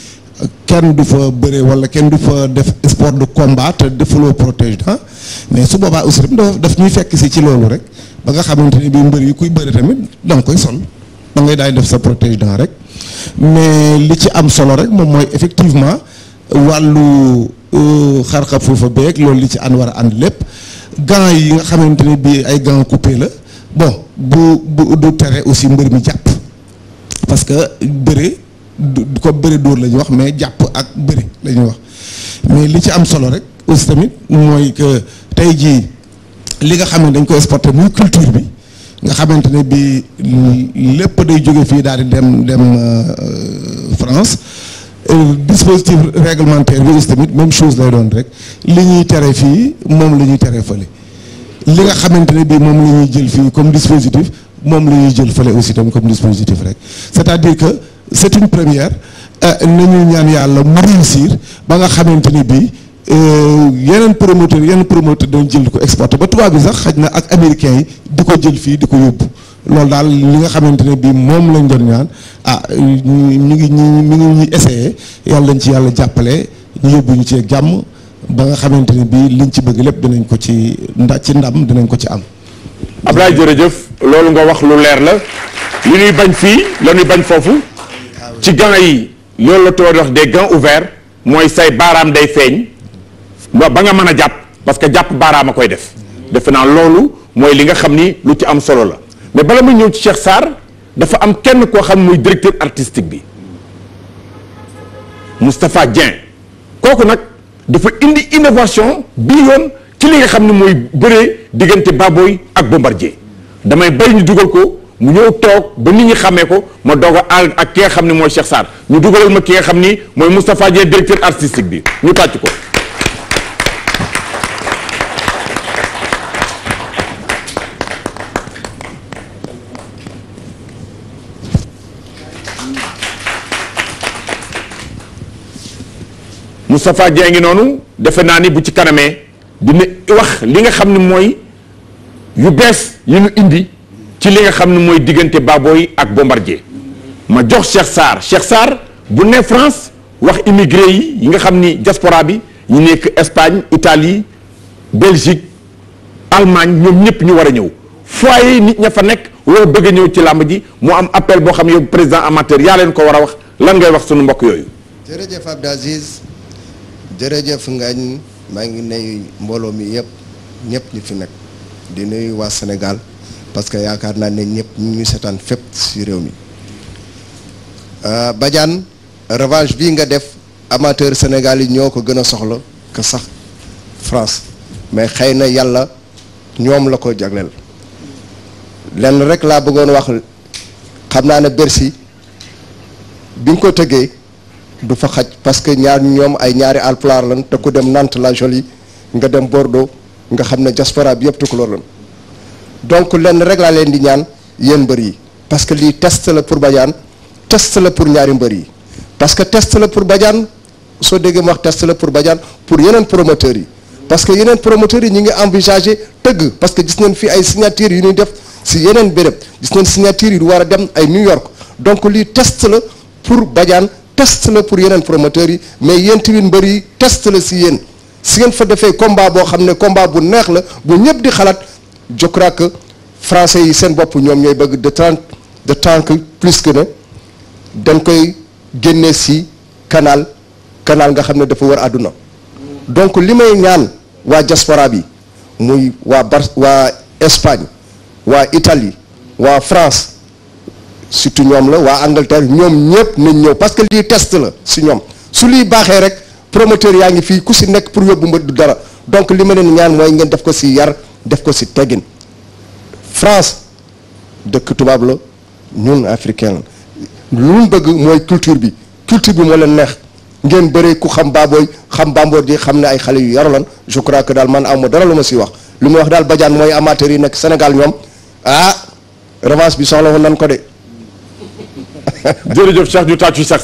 kenn du fa bëre wala kenn du fa def sport de combat te defuloo protège ah mais su boobaa aussi daf ñuy fekk si ci loolu rek ba nga xamante ne bii mbër yi kuy bëre tamit da koy sol. da ngay daal def sa protège dents rek mais li ci am solo rek moom mooy effectivement wàllu euh, xarxa foofa beeg loolu li ci an war a ànd lépp gants yi nga xamante ne bii ay gants coupé la bon bu bu du tere aussi mbër mi jàpp parce que bëre du ko bëre dóor lañu wax mais jàpp ak bëre la wax mais li ci am solo rek aussi tamit mooy que tey jii li nga xam ne dañ ko exporté muy culture bi nga xamante ne bi lépp day jóge fii daal di dem dem euh, France euh, dispositif réglementaire bi tamit même chose lay doon rek li ñuy tere fii moom la ñuy tere fële li nga xamante ne bi moom la jël fii comme dispositif moom la ñuy jël fële aussi tam comme dispositif rek c'est-à-dire que c'est une première euh, nañu ñaan yàlla mu réussir ba nga xamante ne bi Euh, yeneen promoteur yeneen promoteur dañ jël di ko exporté ba tubaab bi sax xaj na ak américains yi di ko jël fii di ko yóbbu loolu daal li nga xamante ne bii moom lañ doon ñaan ah ñu ngi ñu ngi ñuy essayé yàlla lañ ci yàlla jàppale ñu yóbbu ñu ci jàmm ba nga xamante ne bii liñ ci bëgg lépp dinañ ko ci nda ci ndam danañ ko ci am. Abdoulaye jërëjëf loolu nga wax lu leer la li ñuy bañ fii la ñuy bañ foofu ci gants yi loolu la tubaab di wax des gants ouverts mooy say baaraam day feeñ. ba nga mën a jàpp parce que jàpp a koy def defe naa loolu mooy li nga xam ni lu ci am solo la mais bala muy ñëw ci Cheikh saar dafa am kenn koo xam muy directeur artistique bi Moustapha Dieng kooku nag dafa indi innovation bii yoon ci li nga xam ne mooy bëree diggante Baboy ak Bombardier damay bay ñu dugal ko mu ñëw toog ba nit ñi xamee ko ma doog a ak ki nga xam ne mooy Cheikh Sarr ñu dugalal ma ki nga xam ni mooy Moustapha Dieng directeur artistique bi ñu tàcc ko Moustapha Dieng ngi noonu defe naa ni bu ci kanamee dina wax li nga xam ne mooy yu bees yi ñu indi ci li nga xam ne mooy diggante Baboy ak Bombardier ma jox Cheikh Sarr Cheikh Sarr bu ne France wax immigré yi yi nga xam ni diaspora bi ñu nekk Espagne Italie Belgique Allemagne ñoom ñëpp ñu war a ñëw foyer nit ña fa nekk loo bëgg ñëw ci làmb ji mu am appel boo xam ne yow président amateur yaa leen ko war a wax lan ngay wax sunu mbokk yooyu. jërëjëf jërëjëf ngaañ maa ngi nuyu mbooloo mi yëpp ñëpp ñu fi nekk di nuyu waa Sénégal parce que yaakaar naa ne ñëpp ñu ngi seetaan fépp ci réew mi. Euh, Badiane revanche bi nga def amateur Sénégal yi ñoo ko gën a soxla que sax France mais xëy na yàlla ñoom la ko jagleel lenn rek laa bëggoon wax xam naa ne Bercy bi nga ko tëggee. du fa xaj parce que ñaar ñoom ay ñaari alpulaar lan te ku dem Nantes la Jolie nga dem Bordeaux nga xam ne diaspora bi yëpp tukulóor lan donc lenn rek laa leen di ñaan yéen mbër yi parce que lii test la pour Badiane test la pour ñaari mbër yi parce que test la pour Badiane soo déggee mu wax test la pour Badiane pour yeneen promoteurs yi parce que yeneen promoteurs yi ñu ngi envisager tëgg parce que gis nañ fii ay signature yu ñuy def si yeneen béréb gis nañ signature yi du war a dem ay New donc lii test la pour Badiane test la pour yeneen promoteurs yi mais yéen tamit mbër yi test la si yéen si ngeen fa defee combat boo xam ne combat bu neex la bu ñëpp di xalaat je crois que français yi seen bopp ñoom ñooy bëgg de temps de temps que plus que ne dañ koy génne si kanaal kanaal nga xam ne dafa wër àdduna donc li may ñaan waa diaspora bi muy waa Bar waa Espagne waa Italie waa France surtout ñoom la waa Angleterre ñoom ñëpp nañ ñëw parce que lii test la si ñoom su liy baaxee rek promoteur yaa ngi fii ku si nekk pour yóbbu mbër du dara donc li ma leen ñaan mooy ngeen def ko si yar def ko si teggin France dëkk tubaab la ñun africain la lu mu bëgg mooy culture bi culture bi moo leen neex ngeen bëree ku xam baabooy xam bamboor di xam ne ay xale yu yarulan je crois que daal man aw ma dara lu ma si wax lu ma wax daal bajaan mooy amateur yi nekk Sénégal ñoom ah revanche bi soxla woon nan ko de <laughs> jërëjëf Cheikh ñu tàccu Cheikh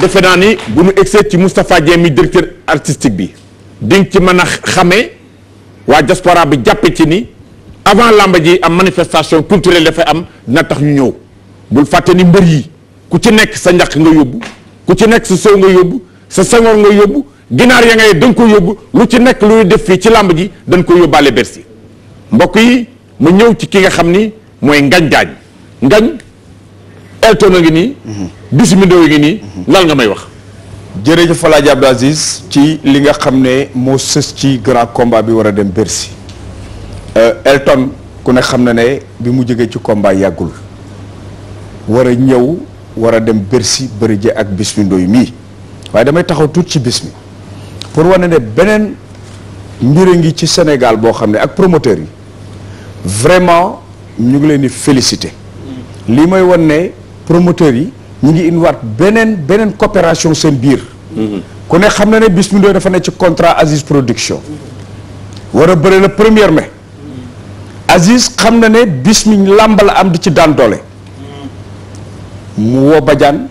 defe naa ni bu ñu egseet ci Moustapha Dieng mi directeur artistique bi di nga ci mën a xamee waa diaspora bi jàppe ci ni avant làmb ji am manifestation culturelle dafay am na tax ñu ñëw bul fàtte ni mbër yi ku ci nekk sa njaq nga yóbbu ku ci nekk sa sow nga yóbbu sa sangoor nga yóbbu ginaar ya ngay dañ ko yóbbu lu ci nekk lu def fii ci làmb ji dañ ko yóbbaale Bercy mbokk yi ma ñëw ci ki nga xam ni mooy Ngagne Diagne ngañ Elton a ngi nii bisimido yi ngi nii lan nga may wax jërëjëf Alaaji Abdou Aziz ci li nga xam ne moo sës ci grand combat bi war a dem Bercy euh, Elton ku ne xam na ne bi mu jegee ci combat yàggul war a ñëw war a dem Bercy bëri ji ak bisimido yi mii waaye damay taxaw tuut ci bis mi pour wane ne beneen mbir a ngi ci Sénégal boo xam ne ak promoteurs yi vraiment ñu ngi leen di féliciter lii mooy wan ne promoteurs yi ñu ngi indiwaat beneen beneen coopération seen biir. Mhm. ku ne xam na ne Bismi dafa ne ci contrat Aziz production. war a bëri le première mais Aziz xam na ne Bismi làmb la am di ci daan doole. mu woo Badiane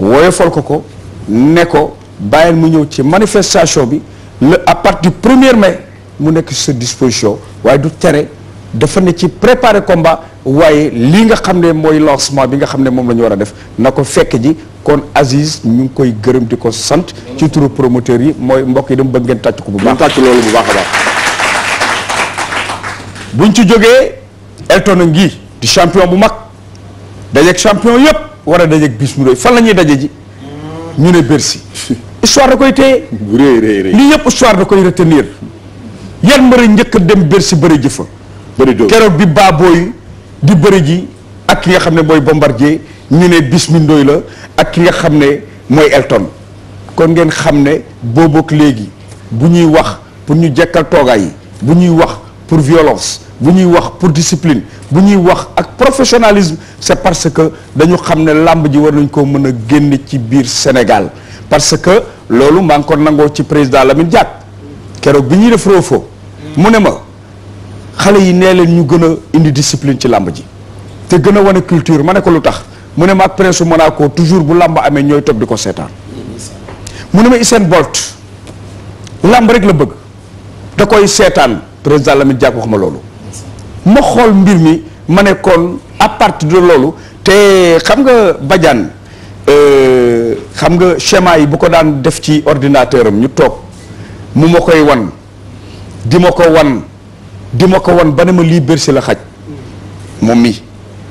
woyofal ko ko ne ko bàyyil mu ñëw ci manifestation bi le à partir du premier mai mu nekk sa disposition waaye du tere. dafa ne ci préparer combat waaye lii nga xam ne mooy lancement bi nga xam ne moom lañu war a def na ko fekk ji kon Aziz ñu ngi koy gërëm di ko sant ci turu promoteur yi mooy mbokk yi dama bëgg ngeen tàcc ko bu baax tàcc loolu bu baax a baax ci jógee Elton a ngi di champion bu mag dajeeg champion yëpp war a dajeeg bis mu doy fan la ñuy daje ji ñu ne Bercy <laughs> histoire da koy téye lii yëpp histoire da koy retenir yan mbër njëkk dem Bercy bëri jëfa keroog bi baabooy di bëri ji ak ki nga xam ne mooy bombardier ñu ne Bismi Ndoy la ak ki nga xam ne mooy Elton kon ngeen xam ne boobook léegi bu ñuy wax pour ñu jekkal toogaay yi bu ñuy wax pour violence bu ñuy wax pour disipline bu ñuy wax ak professionnalisme c'est parce que dañu xam ne làmb ji war nañ ko mën a génne ci biir Sénégal parce que loolu maa ngi ko nangoo ci président Lamine Diack keroog bi ñuy def roofoo mu ne ma xale yi nee leen ñu gën a indi discipline ci làmb ji te gën a wane culture ma ne ko lu tax mu ne ma ak prince Monaco toujours bu làmb amee ñooy toog di ko seetaan mu ne ma Usain Bolt làmb rek la bëgg da koy seetaan président Lamine Diack wax ma loolu ma xool mbir mi ma ne kon à partir de loolu te xam nga Badiane euh, xam nga schéma yi bu ko daan def ci ordinateur am ñu toog mu ma koy wan di ma ko wan di ma ko won ba ne ma lii Bercy la xaj moom mi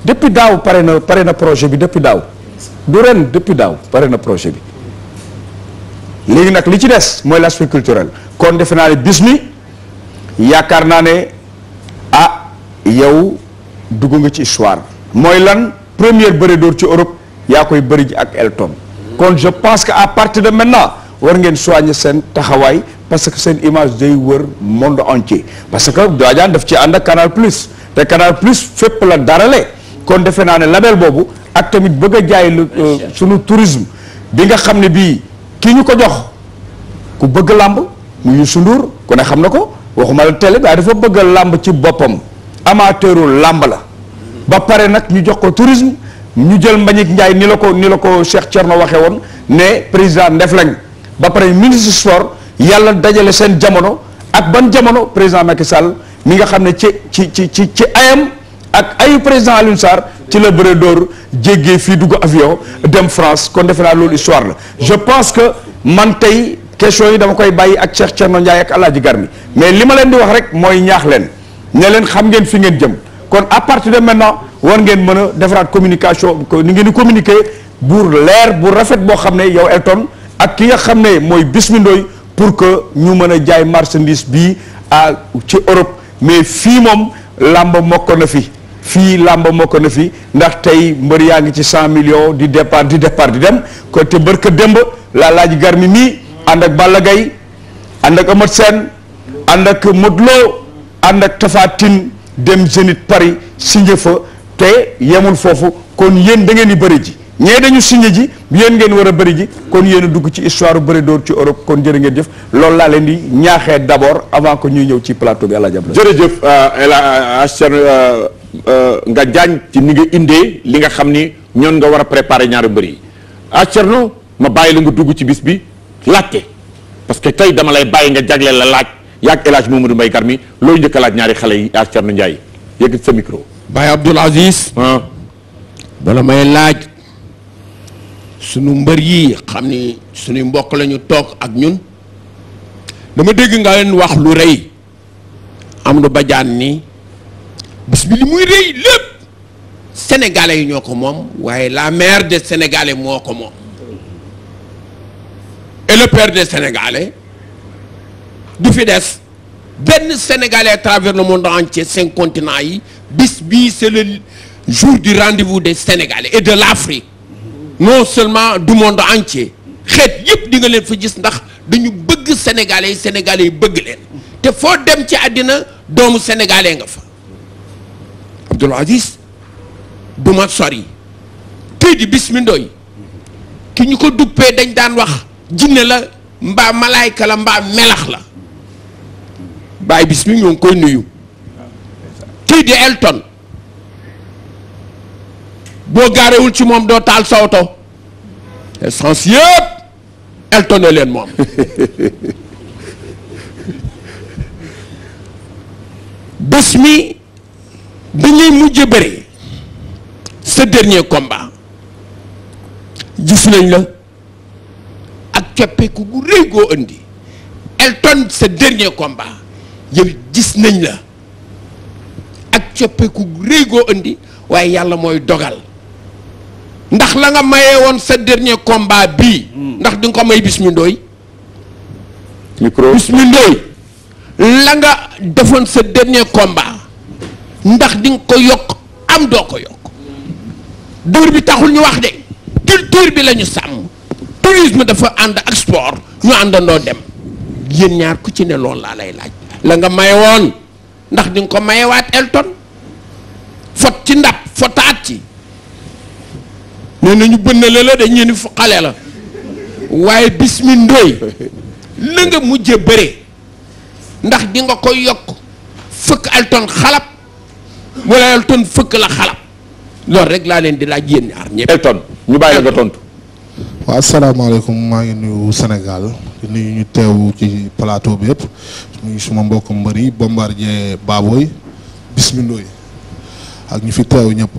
depuis daaw pare na pare na projet bi depuis daaw du ren depuis daaw pare na projet bi léegi nag li ci des mooy l'aspect culturel kon defe naa ne bis yaakaar naa ne ah yow dugg nga ci histoire mooy lan première bëre d'or ci Europe yaa koy bëri ji ak Elton kon je pense que à partir de maintenant war ngeen soigner seen taxawaay parce que seen image day wër monde entier parce que Doodiane def ci ànd ak Canal Plus te Canal Plus fépp la darale kon defe naa ne label boobu ak tamit bëgg a jaay lu euh, sunu tourisme bi nga xam ne bii kii ñu ko jox ku bëgg làmb mu Youssou Ndour ku ne xam na ko waxuma la télé waaye dafa bëgg làmb ci boppam amateuru làmb la ba pare nag ñu jox ko tourisme ñu jël Mbagnick Ndiaye ni la ko ni la ko Cheikh na waxe woon ne président Ndefleng ba pare ministre sport yàlla dajale seen jamono ak ban jamono président Macky Sall mi nga xam ne ci ci ci ci ci ayam ak ay président Alioune Sarr ci la bëre dóor jéggee fii dugg avion dem France kon defe naa loolu histoire la je pense que man tey question yi dama koy bàyyi ak Cheikh Thierno Ndiaye ak Alaaji Garmi mais li ma leen di wax rek mooy ñaax leen ne leen xam ngeen fi ngeen jëm kon à partir de maintenant war ngeen mën a defaraat communication ni ngeen di communiquer bu leer bu rafet boo xam ne yow Elton ak ki nga xam ne mooy Bismi pour que ñu mën a jaay marchandise bi à ci Europe mais fii moom làmb mokk na fi fii làmb mokk na fi ndax tey mbër yaa ngi ci cent million di départ di départ di dem ko te mbër ka démb laa laaj garmi mii ànd ak Balla Gaye ànd ak Eumeu Sène ànd ak Modou ànd ak Tapha dem Zénith Paris signé fa te yemul foofu kon yéen da ngeen di bëri ji ñee dañu signé ji yéen ngeen war a bëri ji kon yéen dugg ci histoire bëri door ci Europe kon jërë ngeen jëf loolu laa leen di ñaaxee d' abord avant que ñuy ñëw ci plateau bi euh, El Hadj Abdoulaye. jërëjëf El Hadj nga jaañ ci ni nga indee li nga xam ni ñoon nga war a préparer ñaari bëri yi Thierno ma bàyyi la nga dugg ci bis bi laajte parce que tey dama lay bàyyi nga jagleel la laaj yaag El Hadj Mamadou Mbaye Garmi looy njëkk a ñaari xale yi Thierno Ndiaye yëkkati sa micro. Baye Abdoul Aziz. Ah. bala may laaj. sunu mbër yi xam ni suñu mbokk lañu toog ak ñun dama dégg nga leen wax lu rëy Amadou Badiane ni bis bi li muy rëy lépp sénégalais yi ñoo ko moom waaye la mère de sénégalais moo ko moom et le père des sénégalais du fi des benn sénégalais travers le monde entier cinq continents yi bis bi c'est le jour du rendez de des et de l'Afrique non seulement du monde entier xeet yëpp di nga leen fa gis ndax dañu bëgg sénégalais yi sénégalais bëgg leen te foo dem ci àddina doomu sénégalais nga fa Abdoul Aziz du sori kii di Bismi Ndoye ki ñu ko duppee dañ daan wax jinne la mbaa malaayka la mbaa melax la baay Bismi ñoo koy nuyu kii di Elton boo gaarewul ci moom doo taal sa oto essence yëpp eltone leen moom <laughs> bés mi bi ñuy mujj bëri sa dernier combat gis nañ la ak coppeeku gu rëy goo indi Elton sa dernier combat yow gis nañ la ak coppeeku gu rëy goo indi waaye yàlla mooy dogal ndax la nga mayee woon sa dernier combat bii ndax di ko may Bismi Ndoye micro Bismi la nga defoon sa dernier combat ndax di ko yokk am doo ko yokk dóor bi taxul ñu wax de culture bi lañu ñu sàmm tourisme dafa ànd ak sport ñu àndandoo dem yéen ñaar ku ci ne loolu laa lay laaj la nga maye woon ndax di nga ko mayewaat Elton fot ci ndab fotaat ci nee nañu bënnale la dañ la waaye bismi ndóoy la nga ndax di nga ko yokk fëkk alton xalab wala alton la xalab loolu rek laa leen di laaj yéen ñaar ñëpp elton ñu bàyyi la nga tontu waaw asalaamaaleykum maa ngi nuyu senegal di nuyu ñu teew ci plateau bi yëpp nuyu suma mbokk mbër yi Bombardier Baboy Bismi ak ñu fi teew ñëpp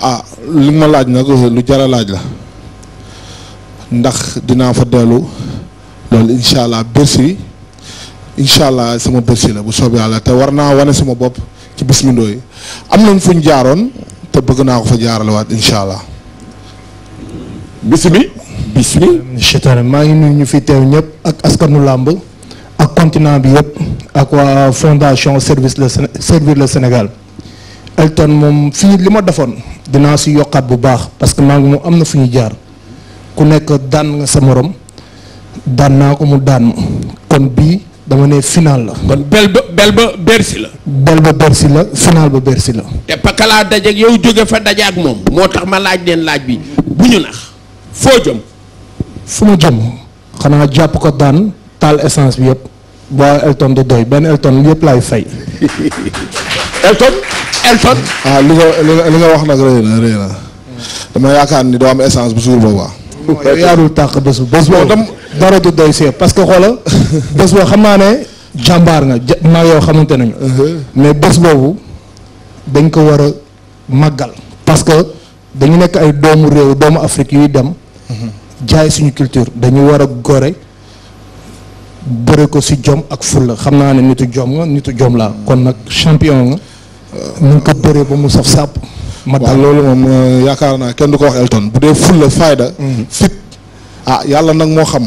ah li ma laaj nag lu jar laaj la ndax dinaa fa dellu loolu incha allah Bercy incha allah sama Bercy la bu soobee yàlla te war naa wane suma bopp ci bis mi ndooy am nañ fu ñu jaaroon te bëgg naa ko fa jaaralewaat incha allah. bis bi bis bi. maa ngi nuyu ñu fi teew ñëpp ak askanu làmb ak continent bi yëpp ak waa fondation service le servir le Sénégal. Elton moom fii li ma defoon dinaa si yokkaat bu baax parce que maa ngi moom am na fu ñu jaar ku nekk daan nga sa moroom daan naa ko mu daan ma kon bii dama ne final la. bel ba bel ba Bercy la. bel ba Bercy la final ba Bercy daje ak yow jóge fa daje ak moom moo tax ma laaj leen laaj bi bu ñu nax foo jëm. fu ma jëm xanaa jàpp ko daan taal essence bi yëpp boo Elton di doy benn Elton yëpp laay fay. <laughs> Elton Elton. ah li nga li nga wax nag rëy na rëy na dama yaakaar ni doo am essence bu jour boobu yaa dul tàq bés bu bés boobu dara du doy see parce que xoola <laughs> bés boobu xam naa ne jàmbaar nga ja maa yow xamante nañu. Uh-huh. mais bés boobu dañ ko war a màggal. parce que dañu nekk ay doomu réew doomu Afrique yuy dem. Uh-huh. jaay suñu culture dañu war a gore bëre ko si jom ak fulla xam naa ne nitu jom nga nitu jom laa mm. kon nag champion nga. nu ko bëree ba mu saf sàpp ma daal loolu moom euh, yaakaar naa kenn du ko wax Elton bu dee fulla fayda mhm. fit ah yàlla nag moo xam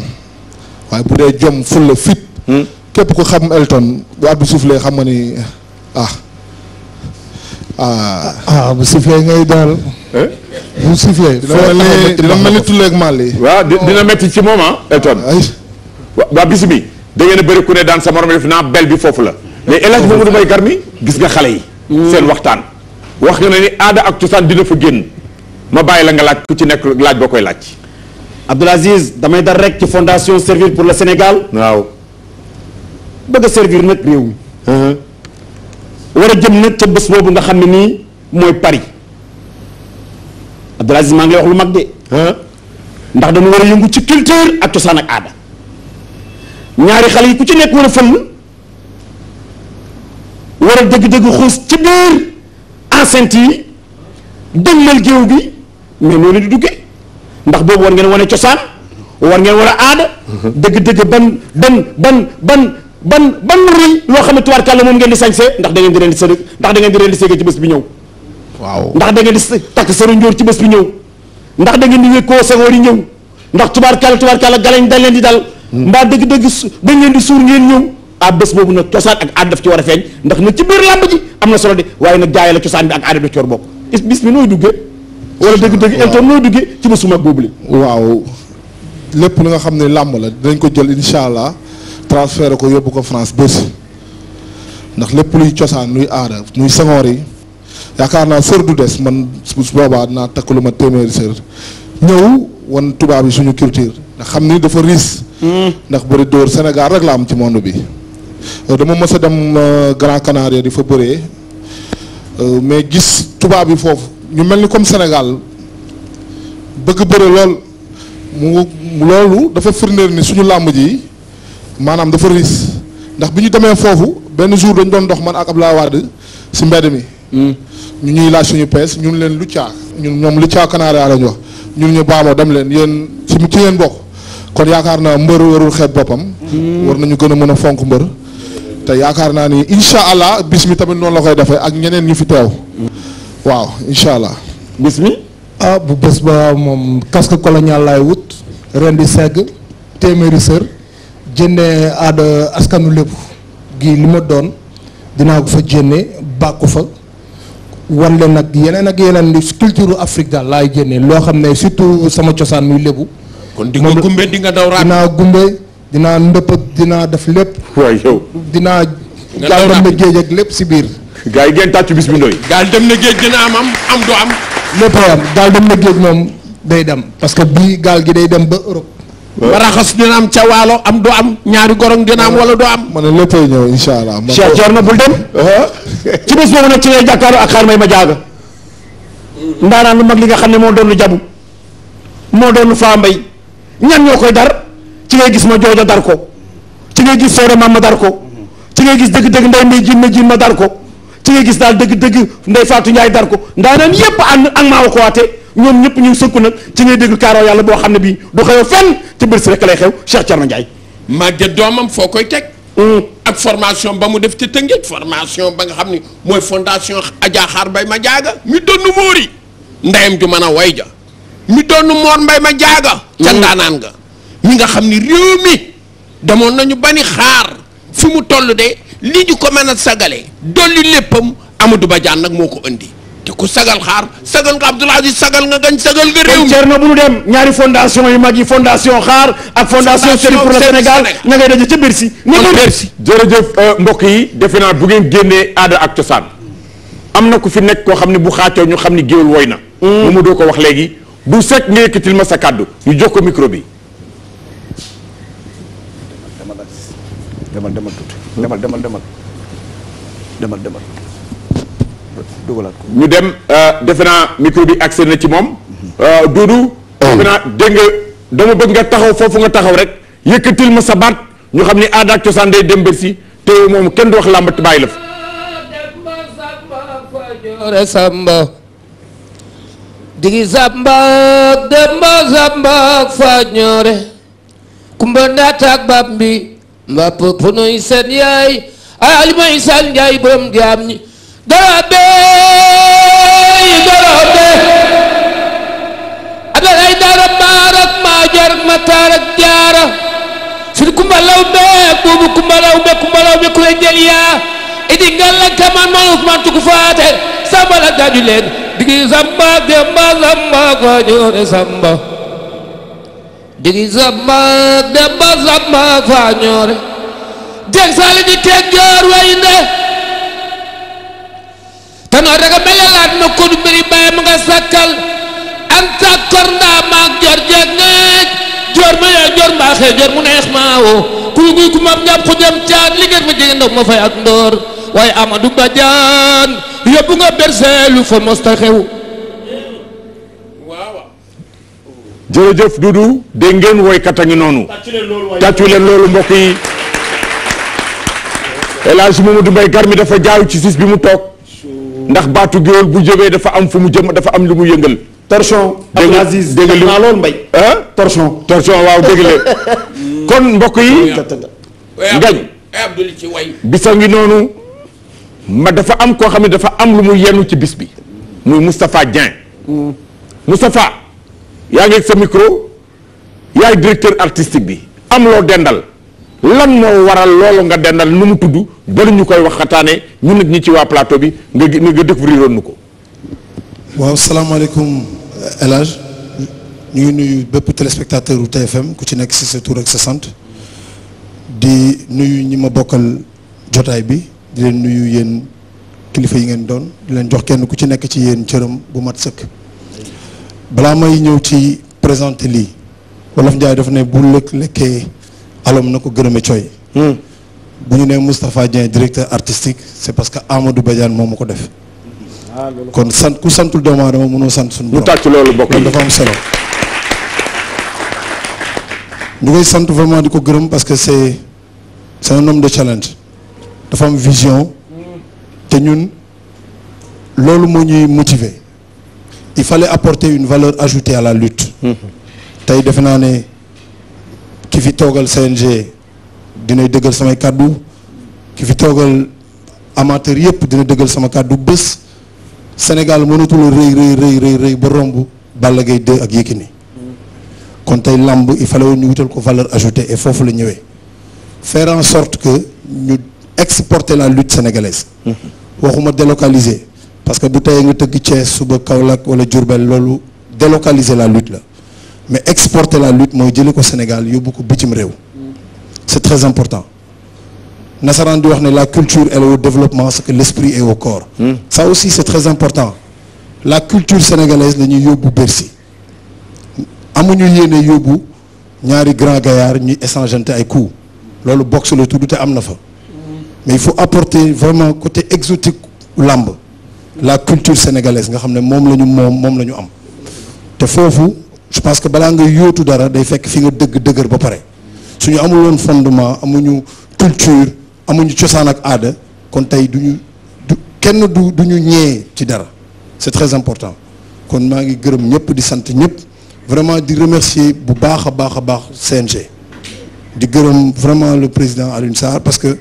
waaye bu dee jom fulla fit hmm. képp ko xam Elton bu at bi xam nga ni ah ah ah bu sifflee ngay daal. Eh? bu sifflee. dina mel ni tulleeg màll yi. waaw dina métti ci moom ah, Elton waa bis bi. da ngeen a bëri ku ne daan sa morom def naa bel bi foofu la. <laughs> mais El Hadj Mamadou Mbaye Garmi gis nga xale yi. seen waxtaan wax nga ne ni aada ak cosaan dina fa génn ma bàyyi la nga laaj ku ci nekk laaj boo koy laaj Abdoul Aziz damay dara rek ci fondation servir pour le Sénégal waaw bëgg servir nag réew mi uh-huh. war a jëm nag ca bés boobu nga xam ne nii mooy Paris Abdoul Aziz maa ngi lay wax lu mag de uh-huh. ndax dama war a yëngu ci culture ak cosaan ak aada ñaari xale yi ku ci nekk war a fël war a dëgg-dëgg xuus ci biir enceinte yi dëgmal géew bi mais noonu di duggee ndax boobu war ngeen wane cosaan war ngeen war a aada dëgg-dëgg ban ban ban ban ban ban rëy loo xam ne tubaarkàlla moom ngeen di sañsee ndax da ngeen di rendi sëriñ ndax da ngeen di rendi ci bés bi ñëw waaw ndax da ngeen di takk sëriñ njóor ci bés bi ñëw ndax da ngeen di wékkoo sangoor yi ñëw ndax tubaarkàlla tubaarkàlla galañ dañ leen di dal hmm. mbaa dëgg-dëgg dañ leen di suur ngeen ñëw à bés boobu nag cosaan ak aada daf ci war a feeñ ndax nag ci biir làmb ji am na solo de waaye nag jaay la cosaan bi ak aada daf ci war bokk is bis nooy duggee wala dëgg-dëgg eltoon nooy duggee ci suma boobu li waaw lépp lu nga xam ne làmb la ko jël incha allah transféré ko yóbbu ko France bés ndax lépp luy cosaan luy aada luy sangoor yi yaakaar naa sër du des man su boobaa dinaa takk lu ma téeméeri sër ñëw wan tubaab yi suñu culture ndax xam ni dafa riis hmm. ndax bëri dóor Sénégal rek la am ci monde bi Euh, dama mës dem euh, Grand Canaria di fa bëree euh, mais gis tubaab yi foofu ñu mel ni comme senegal bëgg bëre lool mu loolu dafa firndeel ni suñu làmb ji maanaam dafa riis ndax bi ñu demee foofu benn jour dañ doon dox man ak Abdoulaye Wade si mbedd mi. Hmm. ñu ñuy laaj suñu pees ñun leen lu caa ñu ñoom lu caa Canaria lañ wax ñun ñu baamoo dem leen yéen ci ci yéen bokk kon yaakaar naa mbër warul xeeb boppam. Hmm. war nañu gën a mën a fonk mbër. te yaakaar naa ni incha allah bis mi tamit noonu la koy defee ak ñeneen ñu fi teew. waaw incha allah. bis mi. ah bu bés ba moom casque colonial laay wut. ren di segg téeméeri sër jëndee aada askanu lépp gi li ma doon dinaa ko fa jëndee bàkku fa wan leen nag yeneen ak yeneen ni culture Afrique daal laay jëndee loo xam ne surtout sama cosaan muy lébu. kon di nga gumbe di dinaa gumbe. dinaa ndëppat dinaa def lépp. dina yow dinaa. gaal dem na géej ak lépp si biir. gars yi ndoy. gaal dem na géej dina am am am du am. lépp am gaal dem na géej moom day dem parce que bii gaal gi day dem ba Europe. baraxas dina am ca waalo am du am ñaari gorong dina am wala du am. ma ne léppay ñëw incha allah. Cheikh Thierno bul dem. Uh-huh. <laughs> ci bés boobu nag ci ngay jàkkaaru ak xaar may ma jaaga. ndaanaan lu mag li nga xam ne moo doon lu jabu. moo doon lu faa mbay. ñan ñoo koy dar. ci ngay gis ma joojo dar ko ci ngay gis soore ma dar ko ci ngay gis dëgg-dëgg nday may jin ma jin ma dar ko ci ngay gis daal dëgg-dëgg nday faatu njaay dar ko ndaanaan yépp ànd ak maa ko waate ñoom ñëpp ñu ngi sëkku nag ci ngay dëgg kaaroo yàlla boo xam ne bii du xew fenn ci biir si rek lay xew Cheikh Thierno Ndiaye màgget doomam foo koy teg mm. ak formation ba mu def ci Tëngéej formation ba nga xam ni mooy fondation Adja Xaar Mbay ma jaaga mi donn móori ndeyam ju mën a way ja mi donn mbay ma jaaga ca mm. mi nga xam ni réew mi demoon nañu bani xaar fi mu toll de lii ñu ko mën a sagale dolli léppam Amadou Ba Diagne nag moo ko indi te ku sagal xaar sagal nga Abdoul Aziz sagal nga gañ sagal nga réew mi Thierno bu ñu dem ñaari fondation yu mag yi fondation xaar ak fondation Servir pour le Sénégal na ngay daje ca Bercy na Bercy jërëjëf euh, mbokk yi defe naa bu ngeen génnee aada ak cosaan am na ku fi nekk koo xam ne bu xaacoo ñu xam ni géwél woy na mu hmm. doo ko wax léegi bu sekk nga yëkkatil ma sa kàddu ñu jox ko micro bi demal demal tuuti. demal demal demal demal demal dugalaat ko. ñu dem euh, defe naa micro bi accès na ci moom. Euh, Doudou. defe naa dégg nga dama bëgg nga taxaw foofu nga taxaw rek yëkkatil ma sa baat ñu xam ni aada ak cosaan day dem ba si te moom kenn du wax làmb bàyyi la fa. joore samba digi samba demba samba fa ñoore kumba ndaataak bam bi mba pëpp nuy seen yaay ay may seen yaay borom jaam ñi garabe yi garabe abel ay dara maarak maajar mataarak jaara sun kumbalaw beek buubu kumbalaw beek kumbalaw beek kuleen yaa idi ngalla kamaan man usman tukku faate samba la leen digi samba demba samba ko samba jigi samba demba samba fañoore jeg saliji keek joor waynde tan o rega ɓelelaat no kon mbiri ɓayam nga sakkal an sakkor nda maak joor jeeg ngeej joor ma yaa joor mbaaxee joor mu neex maa wo kuy guy ku mam ñaab xujam caat liggéey fa jege ndaw ma fay ak ndoor waaye Amadou Badiane yóbbu nga berseelu fa mosta xew jërëjëf Doudou dégg ngeen woykat a ngi noonu tàccu leen loolu mbokk yi El Hadj Mamadou Mbaye Garmi dafa jaayu ci siis bi mu toog ndax baatu géwél bu jógee dafa am fu mu jëm dafa am lu mu yëngal torchon Abdou Aziz dégg naa loolu mbay torchon torchon waaw dégg la <laughs> kon mbokk yi ngañ eh, bisa ngi noonu ma dafa am koo xam ne dafa am lu mu yenu ci bis bi muy Moustapha Dieng hmm. Moustapha yaa ngi sa micro yaay directeur artistique bi am loo dendal lan moo waral loolu nga dendal nu mu tudd ba ñu koy wax xataane ñu nit ñi ci waa plateau bi nga nga découvrir woon nu ko. waaw salaamaaleykum El Hadj ñu nuyu bépp téléspectateur u TFM ku ci nekk si sa tur ak sa sant di nuyu ñi ma bokkal jotaay bi di leen nuyu yéen kilifa yi ngeen doon di leen jox kenn ku ci nekk ci yéen cëram bu mat sëkk. balaa may ñëw ci présenter lii wolof Njaay def ne bu lëkk lekkee alom na ko gërëme coy hmm. bu ñu nee Moustapha Dieng directeur artistique c'est parce que Amadou Badiane moom ma ko def ah, kon sant ku santul doomu aadama mënoo sant suñu borom ñu tàcc loolu bokk kon dafa am solo ñu koy sant vraiment di ko gërëm parce que c'est c'est un de challenge dafa am vision hmm. te ñun loolu moo ñuy motiver il fallait apporter une valeur ajoutée à la lutte tey defe naa ne ki fi toogal CNG dinay dëggal samay kàddu ki fi toogal amateur yëpp dina dëggal sama kàddu bés Sénégal mënatul rëy rëy rëy rëy rëy ba romb Balla Gaye 2 ak ni kon tey làmb il fallait woon ñu wutal ko valeur ajoutée et foofu la ñëwee faire en sorte que ñu exporter la lutte sénégalaise mmh. waxuma délocaliser parce que bu tey nga tëgg Thiès suba Kaolack wala Diourbel loolu délocaliser la lutte la mais exporter la lutte mooy jëlee ko Sénégal yóbbu ko bitim réew. c'est très important. nasaraan di wax ne la culture est au développement ce que l'esprit est au corps. Hmm. ça aussi c'est très important. la culture sénégalaise la ñuy yóbbu Bercy amuñu yéene yóbbu ñaari grand gaillard ñuy échangeante ay coups loolu boxe la tudd te am na fa mais il faut apporter vraiment côté exotique làmb la culture sénégalaise nga xam ne moom la ñu moom moom la ñu am te foofu je pense que balaa ngay yootu dara day fekk fi nga dëgg dëgër ba pare suñu amul woon fondement amuñu culture amuñu cosaan ak aada kon tey du ñu kenn du du ñu ñee ci dara c'est très important kon maa ngi gërëm ñëpp di sant ñëpp vraiment di remercier bu baax a baax a baax CNG di gërëm vraiment le président Alioune parce que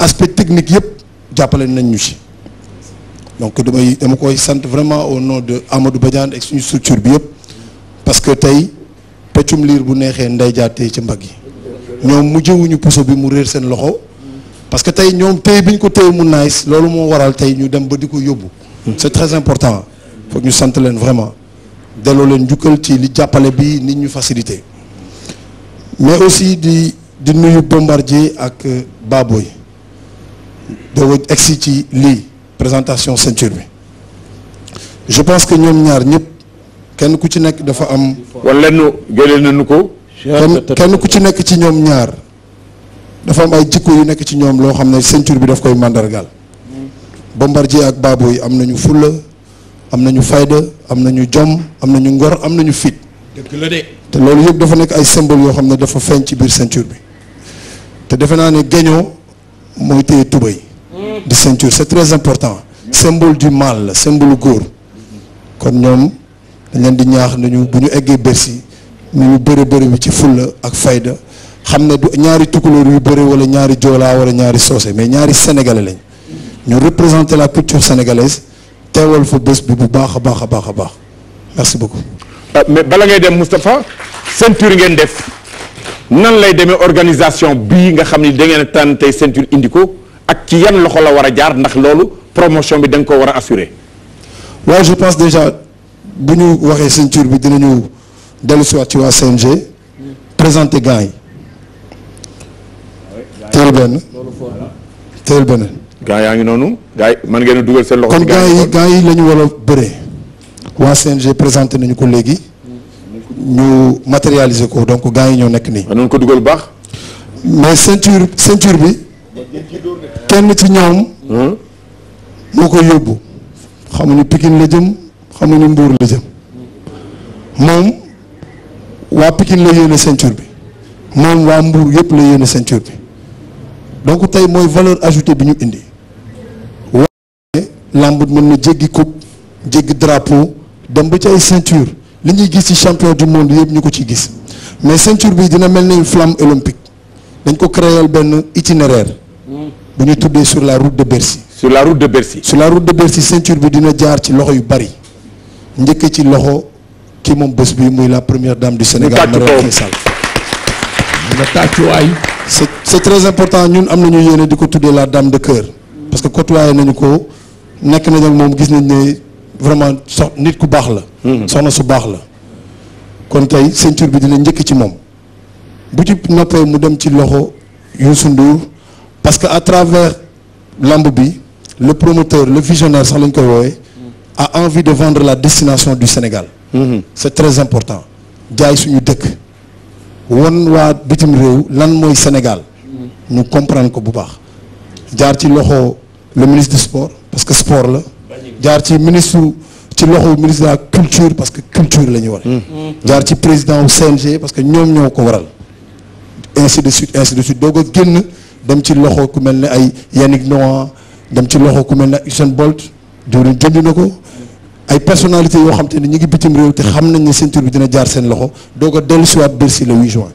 aspect technique yëpp jàppale nañ ñu ci donc damay dama koy sant vraiment au nom de Amadou Badiane ak suñu structure bi yëpp parce que tey peccum liir bu neexee nday ci mbagg yi ñoom mujjewuñu puso bi mu réer seen loxo parce que tey ñoom tey bi ñu ko téye mu nice loolu moo waral tey ñu dem ba di ko yóbbu c'est très important foog ñu sant leen vraiment delloo leen njukkal ci li jàppale bi nit ñu facilité mais aussi di di nuyu bombardier ak euh, Baboy doo egsi ci lii présentation ceinture bi je pense que ñoom ñaar ñëpp kenn ku ci nekk dafa am. wala nu jëlee nañu ko. kenn ku ci nekk ci ñoom ñaar dafa am ay jikko yu nekk ci ñoom loo xam ne ceinture bi daf koy màndargaal. Bombardier ak yi am nañu fulla am nañu fayda am nañu jom am nañu ngor am nañu fit. dëgg la te loolu yëpp dafa nekk ay symbole yoo xam ne dafa feeñ ci biir ceinture bi te defe naa ne Guénion mooy téye tubay. de ceinture c'est très important symbole du mal symbole góor kon ñoom dañ di ñaax nañu bu ñu eggee Bercy ñu bëre bëre bi ci fulla ak fayda xam ne du ñaari tukulóor yu bëre wala ñaari joolaa wala ñaari soose mais ñaari sénégalais lañ ñu représenter la culture sénégalaise teewal fa bés bi bu baax a baax a baax a baax merci beaucoup. Euh, mais bala ngay dem Moustapha ceinture ngeen def nan lay demee organisation bii nga xam ni da ngeen tànn tey ceinture indi ko ak ci yan loxo la war a jaar ndax loolu promotion bi da nga ko war a assurer. je pense déjà bu ñu waxee ceinture bi dinañu dellu si waat ci waa CNG présenté gants yi. teel benn teel yaa ngi noonu gars yi mën ngeen a dugal seen loxo. kon gants yi yi la ñu war a bëree. waa CNG présenté nañu ko léegi. ñu matérialiser ko donc gants yi ñoo nekk nii. waaw ko dugal bu baax. mais ceinture ceinture bi. kenn ci ñoom hmm? moo koy yóbbu xamuñu pikin la jëm xamuñu Mbuur la jëm moom waa Pikine la yéene ceinture bi moom waa Mbuur yëpp la yéene ceinture bi donc tey mooy valeur ajoutée bi ñu indi waaye làmb mën na jéggi coupe jéggi drapeau dem ba ci ay ceinture li ñuy gis ci champion du monde yëpp ñu ko ciy gis mais ceinture bi dina mel ni flamme olympique dañ ko créer benn itinéraire hmm. bu ñu tuddee sur la route de Bercy. sur la route de Bercy. sur la route de Bercy ceinture bi dina jaar ci loxo yu bari njëkk ci loxo ki moom bés bi muy la première dame du Sénégal. Marième Faye Sall na tàccuwaay. c'est c'est très important ñun am nañu yéene di ko tuddee la dame de cœur parce que côtoyé nañu ko nekk nañu ak moom gis nañ ne vraiment sox nit ku baax la. Hmm. soxna su baax la. kon tey ceinture bi dina njëkk ci moom bu ci noppee mu dem ci loxo Youssou Ndour. parce que à travers lamb bi le promoteur le visionnaire sax lañ koy woowee a envie de vendre la destination du Sénégal mmh. c'est très important jaay suñu dëkk won waa bitim réew lan mooy Sénégal ñu comprendre ko bu baax jaar ci loxo le ministre du sport parce que sport la jaar ci ministre ci loxo ministre de parce que culture la ñu war mhm. jaar ci président wu CNG parce que ñoom ñoo ko waral ainsi de suite ainsi de doo ko génn dem ci loxo ku mel ne ay Yannick Noah dem ci loxo ku mel ne Usain Bolt diwlin jënd na ko ay personnalité yoo xam te ne ñu ngi bitim réew te xam nañ ne ceinture bi dina jaar seen loxo doo ko dellu siwaat Bercy le 8 juin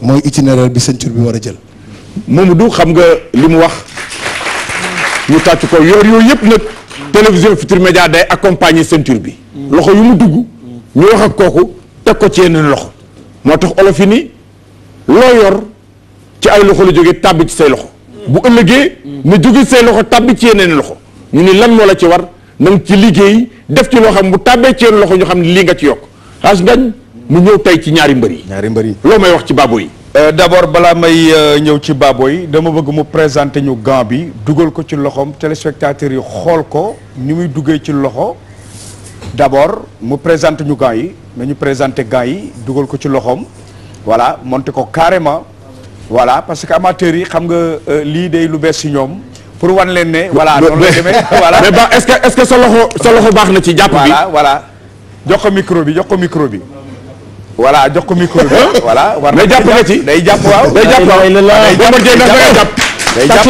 mooy itinéraire bi ceinture bi war a jël Mamadou xam nga li mu wax ñu tàcc ko yor yooyu yëpp nag télévision Futurs Médias day accompagner ceinture bi loxo yu mu dugg ñu wax kooku teg ko ci yeneen loxo moo tax olof yi ni loo yor ci ay loxo la jógee tàbbi ci say loxo bu ëllëgee na jóge say loxo tàbbi ci yeneen loxo ñu ni lan moo la ci war na ci liggéey def ci loo xam bu tàbbee ci yeneen loxo ñu xam ne lii nga ci yokk xaas ngañ mu ñëw tey ci ñaari mbër yi ñaari mbër yi loo may wax ci baabo yi euh, d'abord balaa may euh, ñëw ci baabo yi dama bëgg mu présenter ñu gant bi dugal ko ci loxoom téléspectateurs yi xool ko ni muy duggee ci loxo d'abord mu présenter ñu gant yi nañu présenter gant yi dugal ko ci loxoom voilà monter ko carrément voilà parce que amateurs yi xam nga lii day lu bees si ñoom. pour wan leen ne. voilà noonu la demee voilà est-ce que est-ce que sa loxo sa loxo baax na ci jàpp bi voilà voilà jox ko micro bi voilà war jàpp nga ci day jàpp waaw. day jàpp waaw day jàpp day jàpp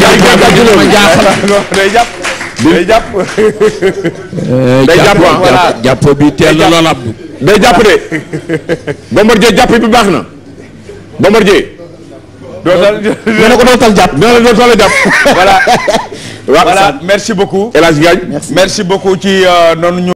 jàpp day jàpp day jàpp day jàpp bi teel na lool ab. day jàpp de Bombardier jàpp bi baax na. Bombardier. dootal <laughs> nee na ko dootal jàpp nee <laughs> voilà. merci beaucoup. El Hadj Gagne merci beaucoup ci euh, noonu ñu.